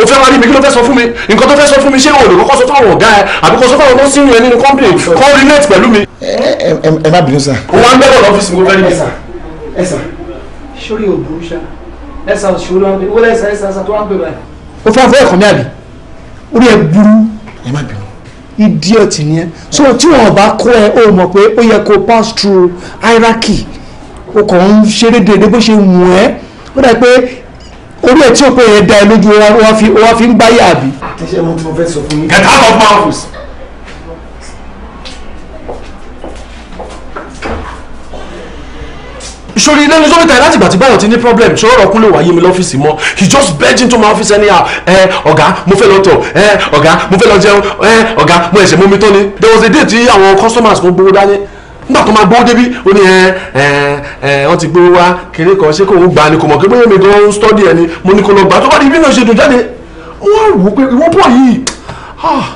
o fẹ́ wá rí mi kí ló fẹ́ sọ fún mi nǹkan tó fẹ́ sọ fún mi ṣé o lè kọ́kọ́ sọ fún àwọn ọ̀gá ẹ àbí kò sọ fún àwọn tó ń sínú ẹ nínú company kó relate pẹ̀lú mi. ẹ má bínú sà. o wa ń bẹ́bọ̀ lọ́fíìsì mi kó fẹ́ rí mi. ẹ sà ẹ sà sórí òbú ṣá ẹ sà sórí wọn ẹ sà ẹ sà tó wà ń bẹ̀rẹ̀. o fẹ́ fẹ́ ẹ̀kọ́ mi àbí orí ẹ so tí wọn bá kó ẹ o mọ̀ pé ó yẹ kó pass through hierarchy o kàn ń ṣeré déédéé bó ṣe wù ẹ́ ó dà pé orí ẹ̀ tí ó pé yẹn da ẹ lójú wọn fi ń gbáyé àbí. àtẹ̀sẹ̀ mo ti get out of my office. ìṣòro ilé ní sọ́kítà láti ìgbà tí báyọ̀ ti ní problem ṣòro ọ̀rọ̀ kúnlẹ̀ wáyé mi lọ́fíìsì mọ́ he just beg into my office anyhow ẹ eh, ọ̀gá mo fẹ́ lọ tọ̀ ẹ eh, ọ̀gá mo fẹ́ lọ jẹun ẹ eh, ọ̀gá mo ẹ̀ṣẹ̀ mú mi tán ni there was a day tí àwọn customers kan gbowó dání nígbà tó máa gbówó débí ó ní ẹ ẹ ẹ wọ́n ti gbówó wá kéré kan ṣé kò ń gbani kò mọ̀ pé bóyá mi gan ń stọ́dì ẹ ni mo ní kó lọ gbà tó bá di bí náà ṣe dùn jáde wọ́n wò pé ìwọ́n pọ̀ yìí ah,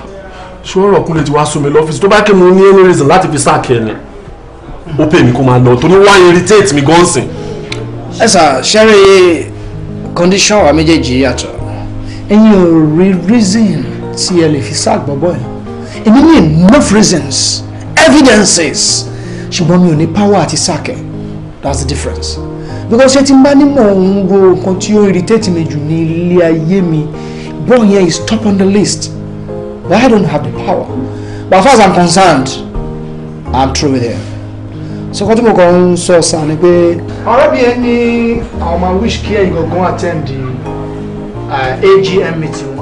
ṣọ́rọ̀ kúnlẹ̀ ti wá sún mi lọ́fíìsì tó bá kí mo ní any reason láti fi sáà kẹ́ni ó pè mí kó máa lọ torí wá irritate mi gan sìn. ẹ sà ṣẹ́rí condition wa méjèèjì yàtọ̀ ẹ̀yin ò rí reason tí ẹ lè fi sáà gbọ́ bọ́ ẹ̀ èmi ní enough reasons evidences ṣùgbọ́n mi ò ní power àti sack ẹ̀ that's the difference because ṣé tí n bá ní mọ̀ ń wo nǹkan tí ó irritate mi jù ní ilé ayé mi boy yẹn is top on the list but I don't have the power but as far as I'm concerned I'm through with him sọkọ tí mo kàn ń sọ sàn ni pé. ọ̀rẹ́bìnrin ní àwọn máa wish kí ẹ̀yin gangan attend the uh, AGM meeting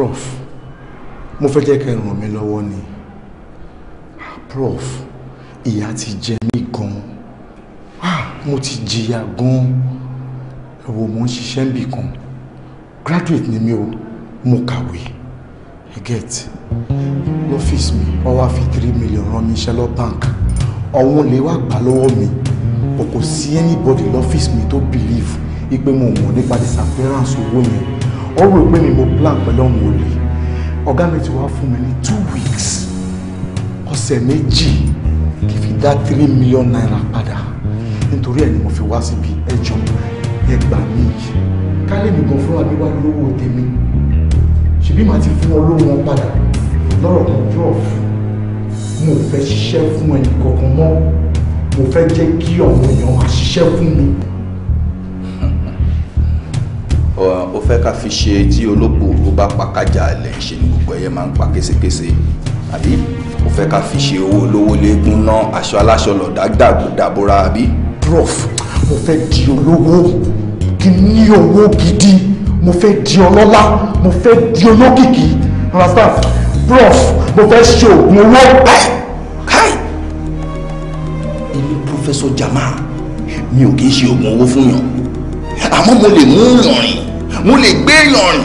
prof mo fẹ́ jẹ́ kẹ́ ràn mí lọ́wọ́ ni prof ìyà ti jẹ mí gan ah, mo ti jìyà gan ẹ̀wọ̀ mo ń ṣiṣẹ́ níbì kan graduate ni mi o mo kàwé i get lọ́fíìsì mi wọ́n wá fi three million rán mi iṣẹ́ lọ bank ọ̀hún lè wá gbà lọ́wọ́ mi o kò sí anybody lọ́fíìsì mi tó believe ipe mo mọ̀ nípa disappearance owó yẹn wọ́n rò pé mi mo plan pẹ̀lú ọmọ òòlì ọ̀gá mi ti wá fún mi ní two weeks ọ̀sẹ̀ méjì kì í fi dá three million naira padà nítorí ẹ̀ ni mo fi wá síbi ẹjọ́ ẹ gbà mí kálẹ̀ mi gan fúnra mi wá lówó tèmi ṣèbí màá ti fún olówó wọn padà lọ́rọ̀ kan yóò fún mo fẹ́ ṣiṣẹ́ fún ẹnì kankan mọ́ mo fẹ́ jẹ́ kí ọ̀hún èèyàn wá ṣiṣẹ́ fún mi. Uh, ó fẹ́ ká fi ṣe tí olóko tó bá pa kájà lẹ̀ ṣe ní gbogbo ẹ̀yẹ máa ń pa késekése àbí ó fẹ́ ká fi ṣe owó olówó léegun náà aṣọ aláṣọ lọ̀dá dàbòdàbòra àbí. prof mo fẹ́ di olówó kí n ní owó gidi mo fẹ́ di ọlọ́lá mo fẹ́ di olókìkí understand prof mo fẹ́ ṣe oògùn owó bẹ́ẹ̀ professor Jamal mi ò kì í ṣe oògùn owó fún yàn àmọ́ mo lè mú ìrìn nílọrin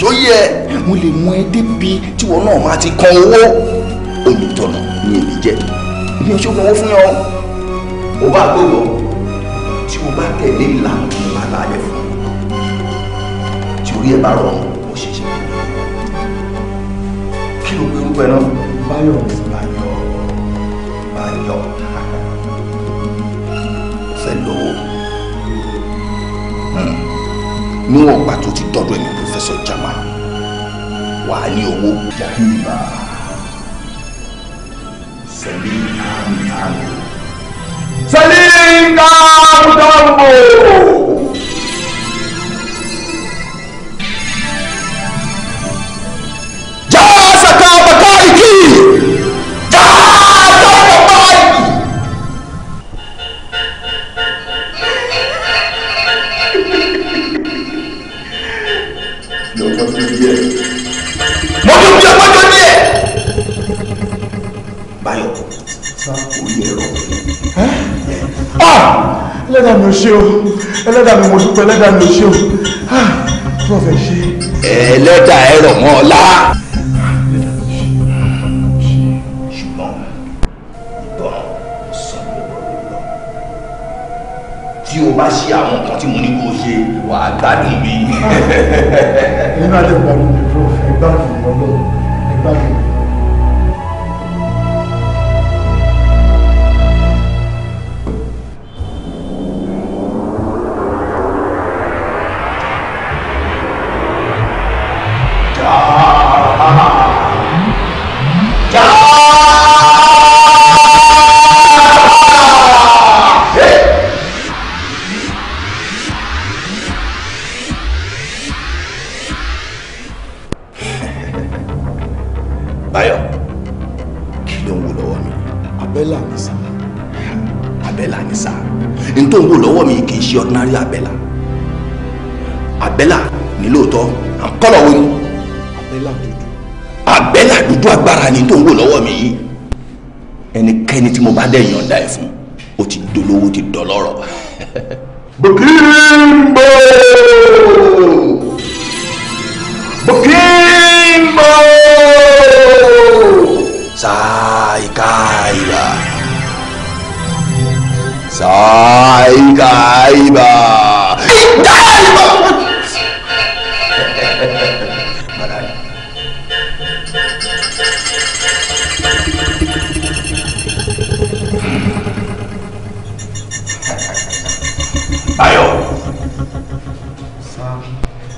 tó yẹ mo lè mú ẹ débi tí wọn náà máa ti kan owó olùtọ̀nà ní èmi jẹ ní oṣù kan owó fún yàn ó bá gbọ́dọ̀ tí o bá tẹ̀lé ìlànà tó bá láàyè fún tí orí ẹ bá rọrùn ó ṣe ṣe kí ló gbé orúkọ ẹ náà báyọ̀ báyọ̀ báyọ̀. níwọ̀n ìgbà tó ti dọ́dọ̀ ẹ̀mí pòfẹ́sọ̀ Jamal wà á ní owó. jahiba sẹ́mi àmì àmì sẹ́mi kàmùtàmù. ẹlẹ́dàá mi ò ṣe o ẹlẹ́dàá mi mo dúpẹ́ ẹlẹ́dàá mi ò ṣe o prọfẹ̀ ah, ṣe. ẹlẹ́dàá ẹ rọ̀ mọ́ ọ lá. tí o bá ṣe àwọn nǹkan tí mo ní kó ṣe wà á gbádùn mi. nínú àdébùgbàdùn mi prof ẹ gbádùn ọlọ́run ẹ ṣe ordinary abẹ́là abẹ́là ní lóòótọ́ àkọ́lọ̀ wo ni abẹ́là dúdú abẹ́là dúdú agbára ni tó ń wò lọ́wọ́ mi yìí ẹnikẹ́ni tí mo bá dẹ̀ yọ̀ǹda ẹ̀ fún ó ti dolówó ti dọlọ́rọ̀. bùkírì ń bọ̀. saiba. Saiba! Báyọ̀,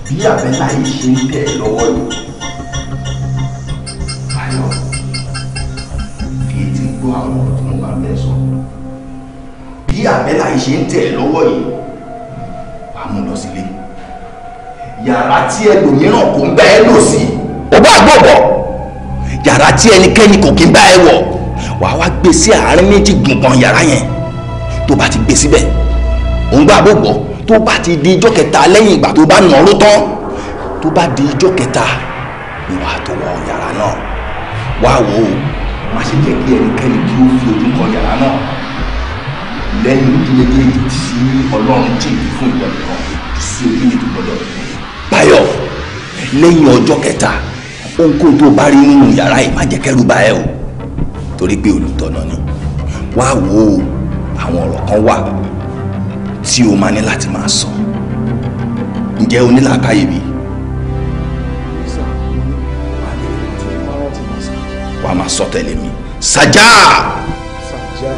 bí àbẹ́là yìí ṣe ń tẹ̀ lọ́wọ́ yìí. yìí ṣe ń tẹ̀ lọ́wọ́ yìí wà á mú lọ sílé yàrá tí ẹlòmíràn kò ń bá ẹ lò sí ó bá gbọ̀bọ̀ yàrá tí ẹnikẹ́ni kò kí ń bá ẹ wọ̀ wà á wá gbé sí àárín méjì gbùngbọ̀n yàrá yẹn tó bá ti gbé síbẹ̀ òun gbà gbogbo tó bá ti di ijọ́ kẹta lẹ́yìn ìgbà tó bá nà ọ́ tán tó bá di ijọ́ kẹta ni wàá tó wọ yàrá náà wá wò ó má ṣe jẹ́ kí ẹnikẹ́ni kí ó fi ojú kan yàrá náà lẹ́yìn ojú méjèèjì tí ọlọ́run jì fún ìwọ nìkan sí ojú ìdí gbọdọ̀ báyọ̀ lẹ́yìn ọjọ́ kẹta ohunkóhun tó bá rí nínú yàrá yìí má jẹ́ kẹ́rù bà ẹ́ o torí pé olùtọ̀nà ni wá wo àwọn ọ̀rọ̀ kan wà tí o máa ní láti máa sọ ǹjẹ́ o ní làákàyè bíi. wàá máa sọ tẹ̀lé mi. Sajá. Sajá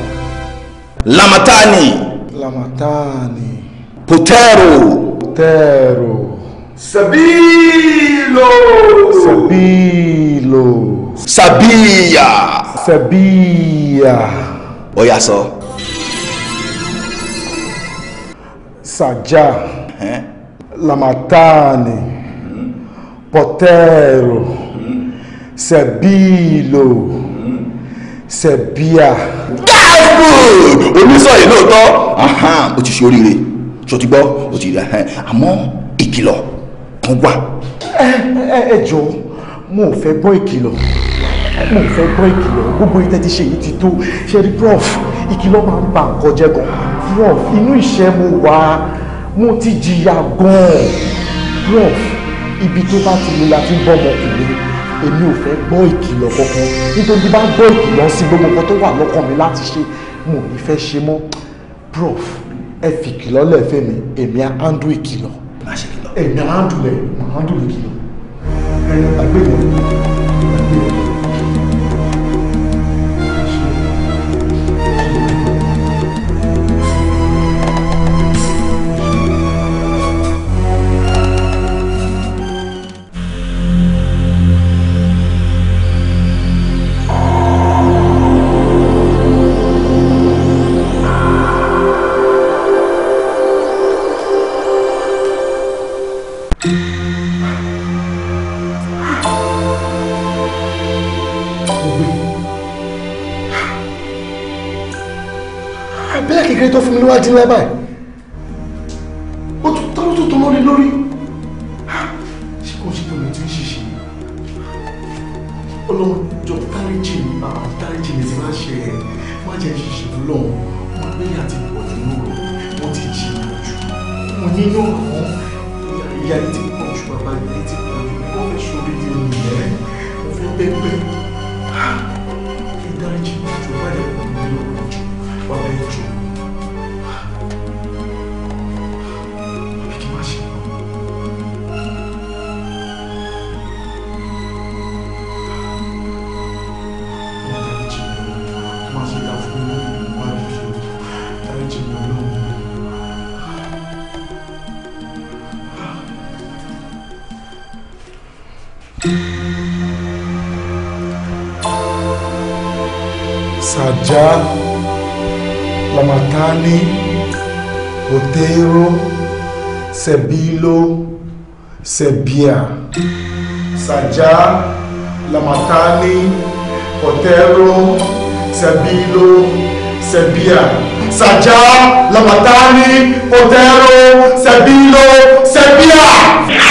lamatani lamatani putero putero sabilo sabilo Sabia, Sabia. Oyaso. saja eh? lamatani hmm? potero hmm? sabilo hmm? sabia good onísọ yìí lóòótọ́ o ti ṣe oríire ṣo ti gbọ́ o ti rí àmọ́ ìkìlọ̀ kan wà. ẹ ẹ jọ mo ò fẹ́ gbọ́ ìkìlọ̀ mo ò fẹ́ gbọ́ ìkìlọ̀ gbogbo ìtẹ́ ti ṣe yìí ti tó ṣe rí prof ìkìlọ̀ máa ń ba nǹkan jẹ́ gan prof inú ìṣẹ́ mo wà mo ti jìyà gan prof ibi tó bá ti lu la ti ń bọ́ ọmọkùnrin èmi ò fẹ́ gbọ́ ìkìlọ̀ kankan nítorí bá gbọ́ ìkìlọ̀ sí gbogbo nǹkan tó wà lọ́kàn mi láti ṣe mo ní fẹ́ ṣe mọ́ prof ẹ fi kìlọ̀ lẹ́fẹ̀ẹ́ mi èmi á handle ìkìlọ̀ èmi á handle ẹ̀ mà handle ìkìlọ̀ ẹ̀ àgbẹ̀wò. ti wẹ́ Sebilo, Sebia, Saja, Lamatani, potero. Sebilo, Sebia, Saja, Lamatani, potero. Sebilo, Sebia.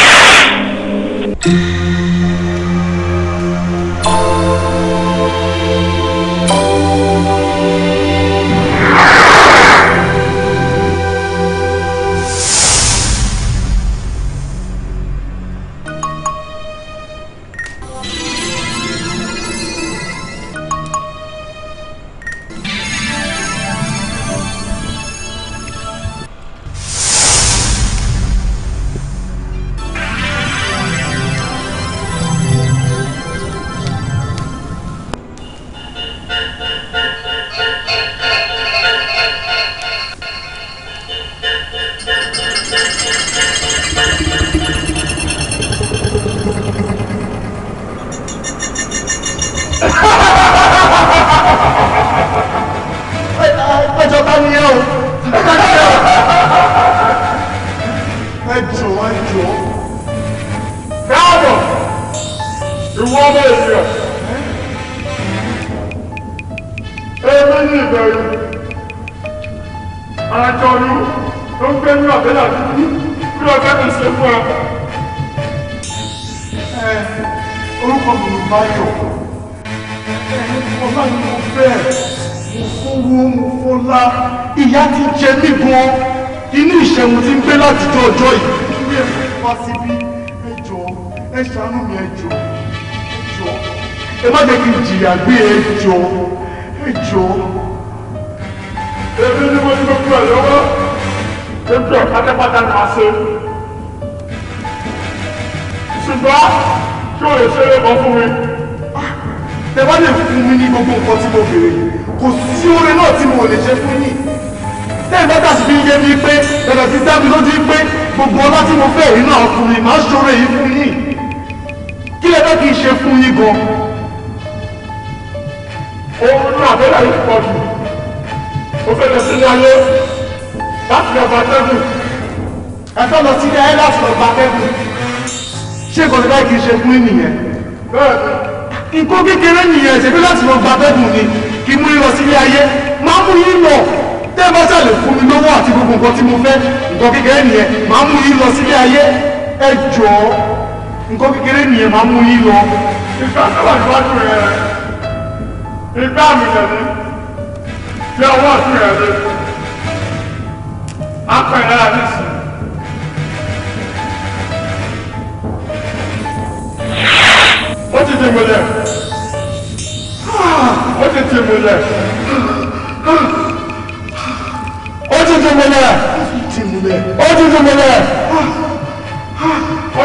bá lè fún mi ní gbogbo nǹkan tí mo béèrè kò sí oore náà tí mo lè ṣe fún yín tẹ́yìn bá dàsí fi yé mi pé bẹ̀rẹ̀ sí dábì lójú pé gbogbo ọlá tí mo fẹ́ ìrìnà ọkùnrin máa ṣòro èyí fún yín kí lè bẹ́ kí n ṣe fún yín gan òun náà bẹ́ẹ̀ ló pọ̀ jù ó fẹ́ lọ sílé ayé láti lọ bá tẹ́gùn ẹ̀fọ́ lọ sílé ayé láti lọ bá tẹ́gùn ṣé kò lè bá kí n ṣe fún yín nìyẹn bẹ́ẹ̀ nǹkan kékeré nìyẹn ṣe bí láti lọ gba bẹ́ẹ̀dùn ni kí mú yín sílé ayé máa mú yín lọ tẹ́ bá ṣàlẹ̀ fún mi lọ́wọ́ àti gbogbo nǹkan tí mo fẹ́ nǹkan kékeré nìyẹn máa mú yín lọ sílé ayé ẹ jọ̀ọ́ nǹkan kékeré nìyẹn máa mú yín lọ. ìgbà sábà níwájú rẹ ìgbà mi lẹ́nu tí ọwọ́ ọ̀tún rẹ lé apẹ̀rẹ̀ àdìsí. ó ti di ìmọ́lẹ̀ ó ti di ìmọ́lẹ̀ ó ti di ìmọ́lẹ̀ ó ti di ìmọ́lẹ̀ ó ti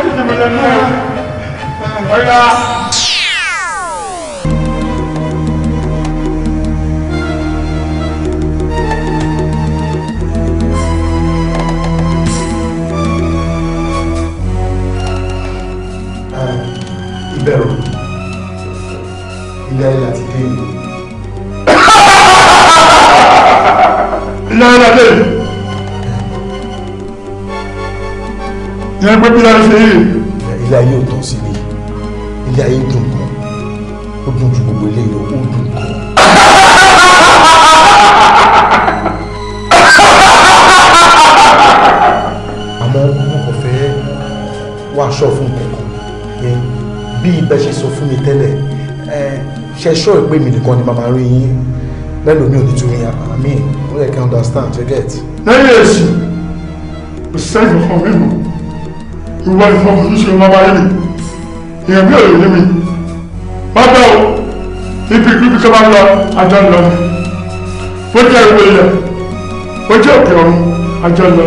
di ìmọ́lẹ̀ náà ọ̀yà. Ibero láyé láti dé mi. láyé láti dé mi. ìyẹn pé bí láyé ṣe yìí. ilé ayé ò tán sí mi ilé ayé dùn gan ó dùn ju gbogbo ilé lọ ṣe ṣọ́ ìpè mi nìkan ni màmá rí yín bẹ́ẹ̀ lómi ò ní tún yín àmì ó yẹ kí n understand you get. lẹ́yìn èsì kò sẹ́yìn fún mi mọ́ ìwọ ìfọwọ́ yìí ṣe máa wáyé mi èèyàn bí òye mi má bẹ́ o ibi ibi kí wọ́n lọ àjọ ńlọ ni ó jẹ́ ìwé ilẹ̀ ó jẹ́ òkè ọ̀run àjọ ńlọ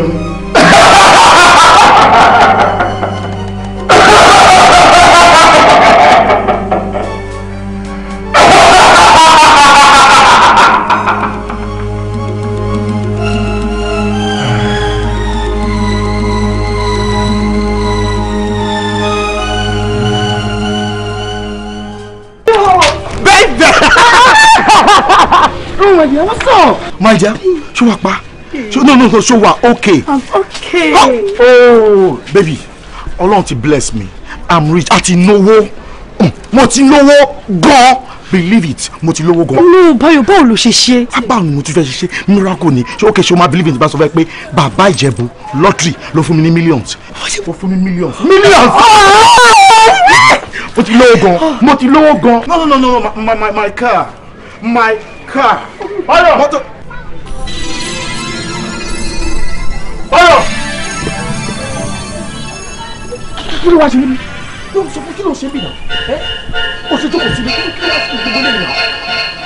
my dear ṣó wà pa ṣó no no no ṣó wà okay. i'm okay. oh, oh baby ọlọ́run ti bless me i'm rich àti náwó mm, mo ti lówó gan believe it mo ti lówó gan. olú báyọ̀ báwo ló ṣe ṣe. Ah, báwo ni mo tún fẹ́ ṣe ṣe miracle ni ṣé okay ṣé o máa believe in ti bá sọ fẹ́ pé bàbá ìjẹ̀bù lottery ló fún mi ní millions. ó fún mi millions. millions mo ti lówó gan mo ti lówó gan. no no no no my my my car my car. ọ̀rọ̀ mọ́tò. ọ̀rọ̀ kí ló wá ṣe níbi yóò sọ fún kí ló ṣe bì náà ẹ o ṣe jókòó síbi kí ló wá ṣe gbogbo lẹ́yìn náà.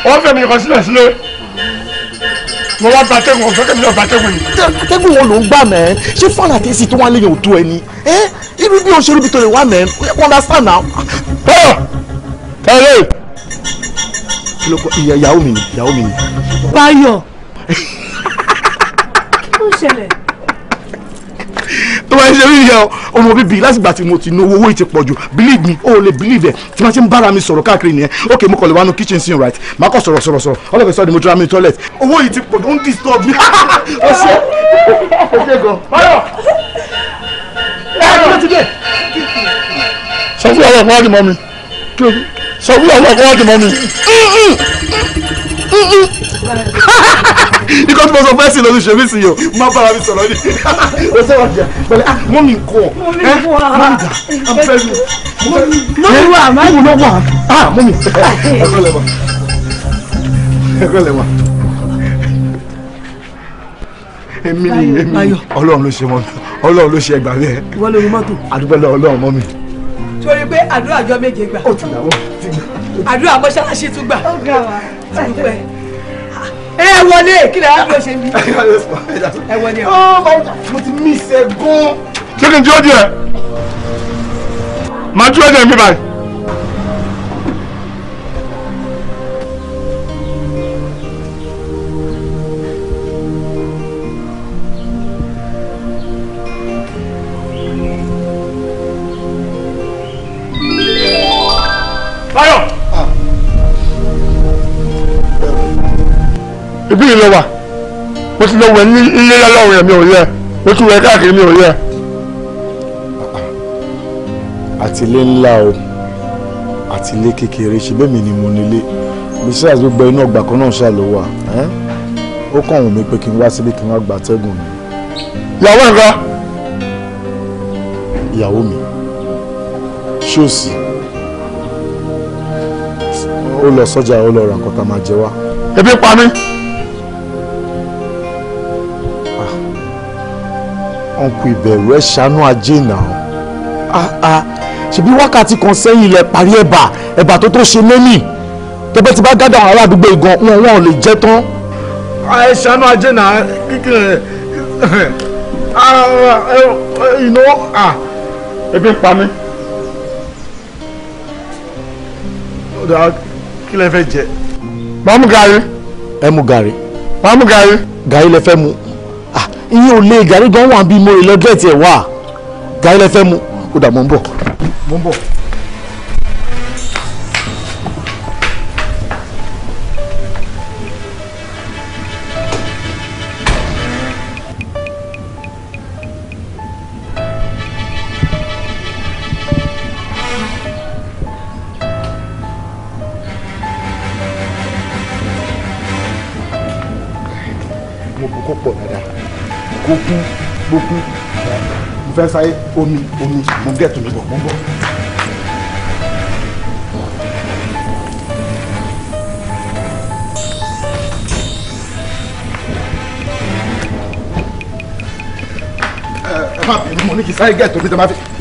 wọ́n fẹ́ mi kọ sílẹ̀ sílẹ̀ mo wá gba tẹ́gùn ọ̀fẹ́ kẹ́mi náà gba tẹ́gùn yìí. tẹ́gùn wo ló ń gbà mẹ́ ṣé fún àtẹ́sí tó wá léyìn òtó ẹni ẹ irú bí o ṣe ríbi tó lè wá mẹ́ understand now. tẹ́lẹ̀ ìyàwó mi ni ìyàwó mi ni. Báyọ̀ <laughs> ó ṣẹlẹ̀ ẹ ṣe rí yẹn ọmọ bíbí láti gbà tí mo ti náwó owó yìí believe me o lè believe ẹ̀ tí wọ́n ti ń bára mi sọ̀rọ̀ káàkiri nìyẹn ok mo kọ̀ lè kitchen sin right má kọ̀ sọ̀rọ̀ sọ̀rọ̀ sọ̀rọ̀ all of mo tura mi toilet owó yìí ń disturb mi <laughs> ó ṣe ó ṣe gan. báyọ̀ sọ fún ọlọ́pàá wá di mọ́ mi sọ fún ọlọ́pàá wá di mọ́ mi ikọ̀ tí mo sọ fẹ́ẹ́ sì lọ́dún ṣe sí yìí o má bára mi sọ̀rọ̀ yìí o sọ̀rọ̀ jẹ pẹ̀lẹ́ ah mọ́ mi kọ́ ẹ mọ́ mi dà am fẹ́ mi. mọ́ mi wà má mi wà ah mọ́ mi ẹ̀kọ́ lẹ́wà ẹ̀kọ́ lẹ́wà èmi ni èmi ọlọ́run ló ṣe mọ́ mi ọlọ́run ló ṣe ẹgbà rẹ̀ wọ́n lè rí mọ́tò àdúgbò ọlọ́run mọ́ mi. torí pé àdúrà àjọ méje gbà àdúrà mọ́ṣáláṣí tún gbà ó gbà wá ẹ wọlé kí lè á bí o ṣe mí. ẹ wọlé ọ oh mo ti mí ìṣẹ́gun. ṣé kí n tí ó di ẹ máa tí ó mi báyìí. bí lọ wà mo ti lọ wẹ nílé lọ́wọ́ yẹn mi ò yẹ mo ti wẹ káàkiri mi ò yẹ. àtìlé ńlá o àtìlé kékeré ṣe bẹ́ẹ̀ mi ni mo nílé besides gbogbo inú ọgbà kan náà ṣáà ló wà ó kàn wọ́n mi pé kí n wá síbí kí n wá gba atẹ́gùn mi. ìyàwó ẹ̀ka. ìyàwó mi ṣóòsì ó lọ sọ́jà ó lọ ra nǹkan tá a máa jẹ wá. ebi pa mí. ọ̀nkù ìbẹ̀rù ẹ̀ ṣàánú ajé náà ah ah ṣebí wákàtí kan sẹ́yìn ilẹ̀ parí ẹ̀bà ẹ̀bà tó tó ṣe lẹ́nì tẹ́bẹ́ ti bá gádà àwọn aládùúgbò ìgan wọn wọn ò lè jẹ́ tán. Ah, ẹ ṣàánú ajé náà kíkẹ́ ah, ẹ ìnáwó ah, ebi pa mí. kí lẹ fẹ́ jẹ. máa mú gàrí. ẹ mú gàrí. máa mú gàrí. gàrí lẹ fẹ́ mu iye ò lè gàrí gan wà bí mo lè lọ gẹ̀ẹ́tì ẹ̀ wà gàrí lẹ fẹ́ mu ó dà mò ń bọ̀ mò ń bọ̀. fẹ́ sáyé omi omi mo gẹ̀ tó bọ̀ mo bọ̀. ẹ má bínú mo ní kí sáyé gẹ̀ tó máa fi.